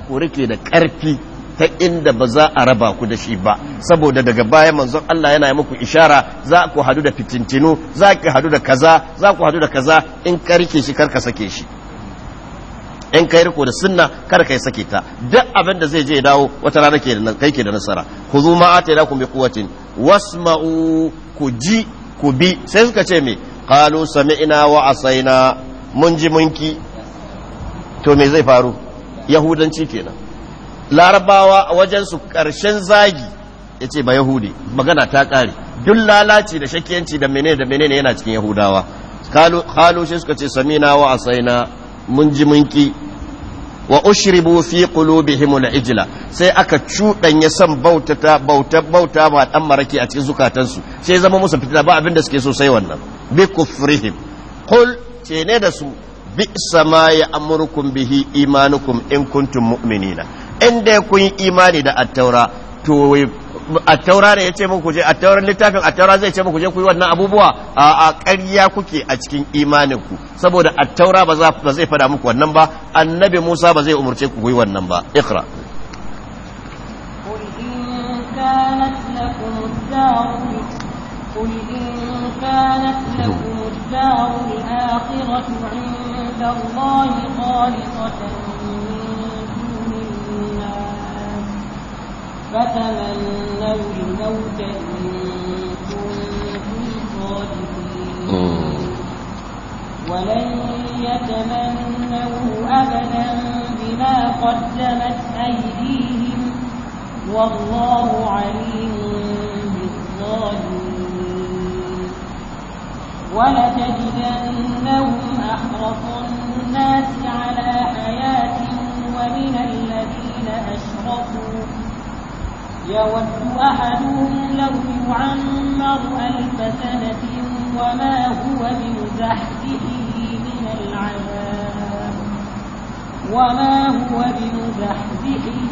ku rike da karfi ta inda ba za a raba ku da shi ba saboda daga baya manzon Allah yana yi muku ishara za ku hadu da fitintinu za ku hadu da kaza za ku hadu da kaza in karke shi shi ka sake shi in kai riko da sunna kar kai sake ta duk abin da zai je dawo wata rana ke da kai ke da nasara khudhu ma atainakum bi quwwatin wasma'u ku ji ku bi sai suka ce me qalu sami'na wa asaina mun ji ki to me zai faru yahudanci kenan larabawa wajen su karshen zagi yace ba yahudi magana ta kare duk lalaci da shakiyanci da menene da menene yana cikin yahudawa kalu kalu shi suka ce samina wa asaina mun ji mun ki wa ushribu fi qulubihimul ijla sai aka cudanya san bauta ta bauta bauta ba dan maraki a cikin zukatansu sai zama musu fitina ba abin da suke so sai wannan bi kufrihim qul ce ne da su bi sama ya amurkum bihi imanukum in kuntum mu'minina in dai kun imani da attaura to attaura ne ya ce muku je attaura littafin attaura zai ce muku je ku yi wannan abubuwa a ƙarya kuke a cikin imaninku saboda attaura ba zai fada muku wannan ba annabi Musa ba zai umurce ku yi wannan ba ikra قل إن كانت لكم الدار الآخرة عند الله خالصة فتمنوا الموت إن كنتم صادقين ولن يتمنوا أبدا بما قدمت أيديهم والله عليم بالظالمين ولتجدنهم أحرص الناس على حياة ومن الذين أشركوا يود أحدهم لو يعمر ألف سنة وما هو بمزحزحه من العذاب وما هو بمزحزحه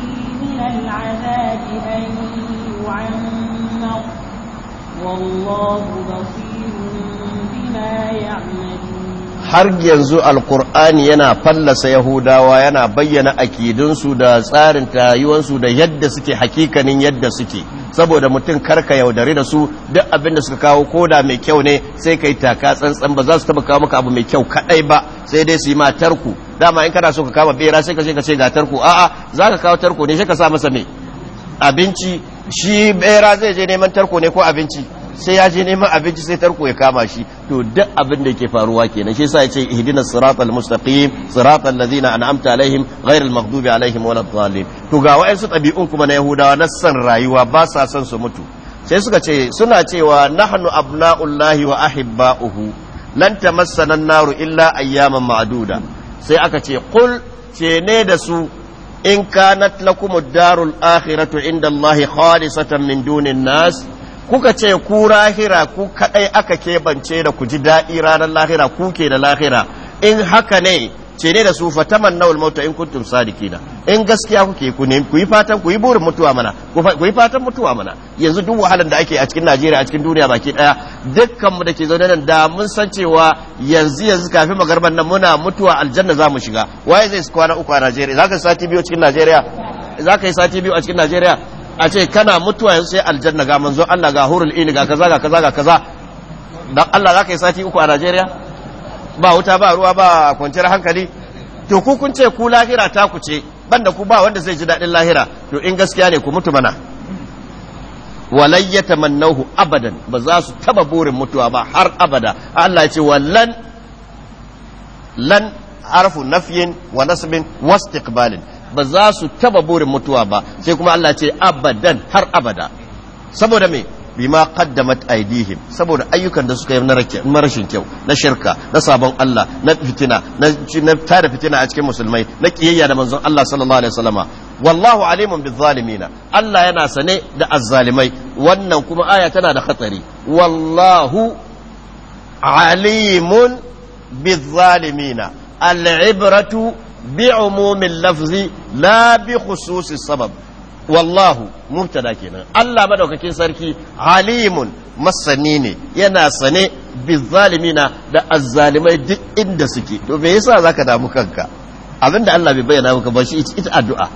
من العذاب أن يعمر والله بصير بما يعمل har yanzu alkur'ani yana fallasa yahudawa yana bayyana akidunsu da tsarin tayuwansu da yadda suke hakikanin yadda suke saboda mutum karka yaudare da su duk abin da suka kawo ko da mai kyau ne sai kai taka tsantsan ba za su taba kawo maka abu mai kyau kadai ba sai dai su yi ma tarku dama in kana so ka kama bera sai ka ce ka ce ga tarku a'a za ka kawo tarko ne sai ka sa masa mai abinci shi bera zai je neman tarko ne ko abinci sai ya je neman abinci sai tarko ya kama shi to duk abin da ke faruwa kenan shi yasa ya ce ihdinas siratal mustaqim siratal ladzina an'amta alaihim ghairil maghdubi alaihim waladdallin to ga wa'ansu ɗabi'un kuma na yahudawa na san rayuwa ba sa son su mutu sai suka ce suna cewa nahnu abna'ullahi wa ahibba'uhu lan tamassana an-naru illa ayyaman ma'duda sai aka ce qul ce ne da su in kanat lakum ad-darul akhiratu inda Allah khalisatan min dunin nas kuka ce ku lahira ku kadai aka kebance da ku ji daɗi ranar lahira ku ke da lahira in haka ne ce ne da su fataman nawal mauta in kuntum sadikina in gaskiya kuke ku ne ku yi fatan ku yi burin mutuwa mana ku yi fatan mutuwa mana yanzu duk wahalar da ake a cikin Najeriya a cikin duniya baki daya dukkan mu da ke zaune nan da mun san cewa yanzu yanzu kafin magarban nan muna mutuwa aljanna za mu shiga waye zai kwana uku a Najeriya zaka sati biyu cikin Najeriya zaka yi sati biyu a cikin Najeriya a ce kana mutuwa yanzu sai aljanna ga manzo Allah ga hurul ini ga kaza ga kaza ga kaza dan Allah zaka yi sati uku a Najeriya ba wuta ba ruwa ba kwanciyar hankali to ku kun ce ku lahira ta ku ce banda ku ba wanda zai ji daɗin lahira to in gaskiya ne ku mutu mana walan mannauhu abadan ba za su taba burin mutuwa ba har abada Allah ya ce wallan lan harfu nafyin wa nasbin wastiqbalin ba za su taba burin mutuwa ba sai kuma Allah ce abadan har abada saboda me bima qaddamat aidihim saboda ayyukan da suka yi na rashin kyau na shirka na sabon Allah na fitina na tada fitina a cikin musulmai na kiyayya da manzon Allah sallallahu alaihi wasallama wallahu alimun bizzalimina Allah yana sane da azzalimai wannan kuma aya tana da hatsari wallahu alimun bizzalimina al'ibratu bi umumin lafzi la bi khususi sabab wallahu mubtada kenan Allah madaukakin sarki halimun masani ne yana sane bizzalimina da azzalimai duk inda suke to me yasa zaka damu kanka abinda Allah bai bayyana maka ba shi ita addu'a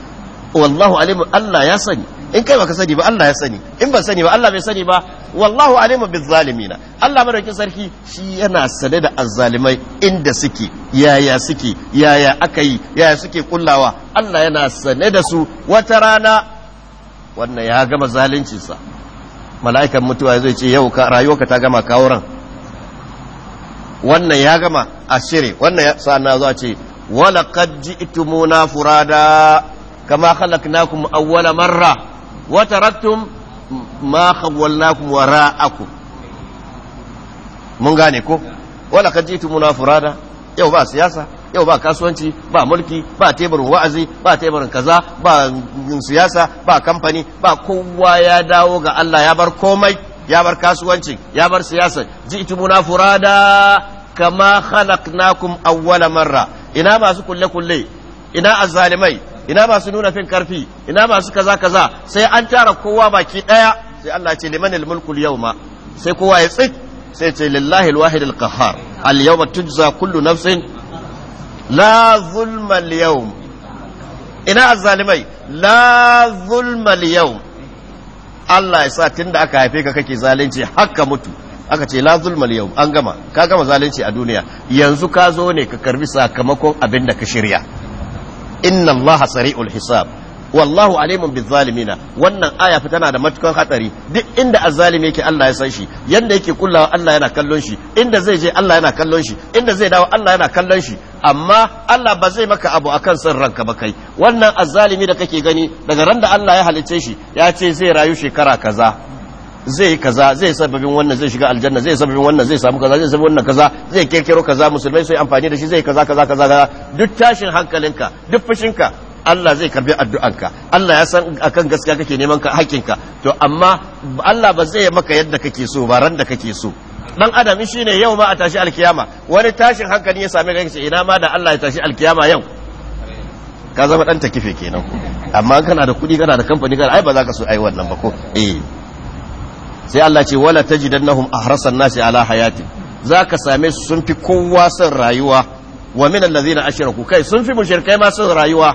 wallahu alimun Allah ya sani in kai baka sani ba Allah ya sani in ban sani ba Allah bai sani ba wallahu alimu bil zalimina Allah madaukin sarki shi yana sane da azzalimai inda suke yaya suke yaya aka yi yaya suke kullawa Allah yana sane da su wata rana wannan ya gama zaluncinsa mala'ikan mutuwa zai ce yau ka rayuwarka ta gama kawo ran wannan ya gama a shire wannan sa'ana zuwa ce wala qad ji'tumuna furada kama khalaqnakum awwala marra wa taraktum ma khawwalnakum wara'akum mun gane ko wala kad jitumuna furada yau ba siyasa yau ba kasuwanci ba mulki ba teburin wa'azi ba teburin kaza ba siyasa ba kamfani ba kowa ya dawo ga Allah ya bar komai ya bar kasuwanci ya bar siyasa jitumuna furada kama khalaqnakum awwala marra ina masu kulle kulle ina azzalimai ina masu nuna fin karfi ina masu kaza kaza sai an tara kowa baki daya sai Allah ce mulku al yawma sai kowa ya tsik sai ce lillahi al-wahid al yawma tujza kullu nafsin la zulma al yawm ina azzalimai la zulma al yawm Allah ya sa tunda aka haife ka kake zalunci haka mutu aka ce la al-yawm an gama ka gama zalunci a duniya yanzu ka zo ne ka karbi sakamakon abin da ka shirya inna sari'ul hisab wallahu alimun bizzalimina wannan aya fa tana da matukar hatsari duk inda azzalimi yake Allah ya san shi yanda yake kullawa Allah yana kallon shi inda zai je Allah yana kallon shi inda zai dawo Allah yana kallon shi amma Allah ba zai maka abu akan son ranka ba kai wannan azzalimi da kake gani daga ran da Allah ya halicce shi ya ce zai rayu shekara kaza zai yi kaza zai sababin wannan zai shiga aljanna zai sababin wannan zai samu kaza zai sababin wannan kaza zai kirkiro kaza musulmai sai amfani da shi zai kaza kaza kaza kaza duk tashin hankalinka duk fushinka Allah zai karbi addu'anka Allah ya san akan gaskiya kake neman ka hakinka to amma Allah ba zai maka yadda kake so ba ran da kake so dan adam shine yau ma a tashi alkiyama wani tashin hankali ya same ka ce ina ma da Allah ya tashi alkiyama yau ka zama dan takife kenan amma kana da kuɗi kana da kamfani kana ai ba za ka so ai wannan ba ko eh sai Allah ce wala tajidannahum ahrasan nasi ala hayati zaka same su sun fi kowa son rayuwa wa min allazina ashraku kai sun fi mushrikai ma son rayuwa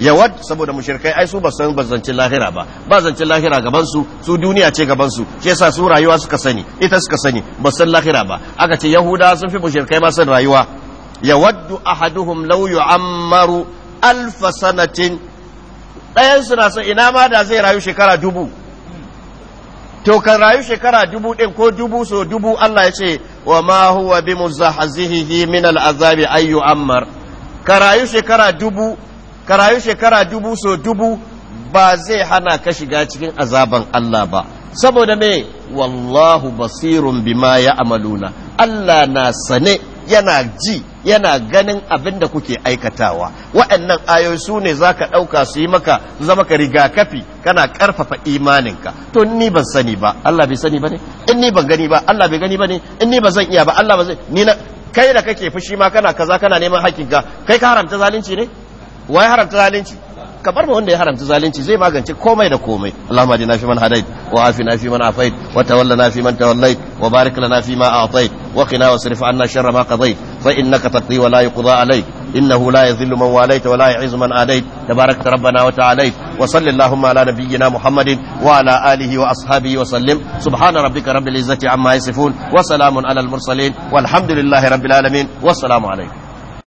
yawad saboda mushrikai ai su ba san bazancin lahira ba ba zancin lahira gaban su su duniya ce gaban su shi yasa su rayuwa suka sani ita suka sani ba san lahira ba aka ce yahuda sun fi mushrikai ma son rayuwa yawaddu ahaduhum law yu'ammaru alf sanatin dayan na son ina ma da zai rayu shekara dubu to ka rayu shekara dubu ɗin ko dubu so dubu Allah ya ce wa ma huwa bi muzahzihihi min al'azabi ayyu ammar ka rayu shekara dubu ka rayu shekara dubu so dubu ba zai hana ka shiga cikin azaban Allah ba saboda me wallahu basirun bima ya amaluna Allah na sane yana ji yana ganin abin da kuke aikatawa waɗannan ayoyi su ne za ka ɗauka su yi maka zama ka rigakafi kana ƙarfafa imaninka to ni ban sani ba Allah bai sani ba ne in ni ban gani ba Allah bai gani ba ne in ni ba zan iya ba Allah ba zai ni na kai da kake fushi ma kana kaza kana neman hakinka kai ka haramta zalunci ne wai haramta zalunci ka bar wanda ya haramta zalunci zai magance komai da komai Allahumma adina fi man hadait wa afina fi man afait wa tawallana fi man tawallait wa barik lana fi ma a'tait wa qina anna sharra ma qadait fa innaka taqdi wa la yuqda alayk إنه لا يذل من واليت ولا يعز من آديت تبارك ربنا وتعاليت وصل اللهم على نبينا محمد وعلى آله وأصحابه وسلم سبحان ربك رب العزة عما يصفون وسلام على المرسلين والحمد لله رب العالمين والسلام عليكم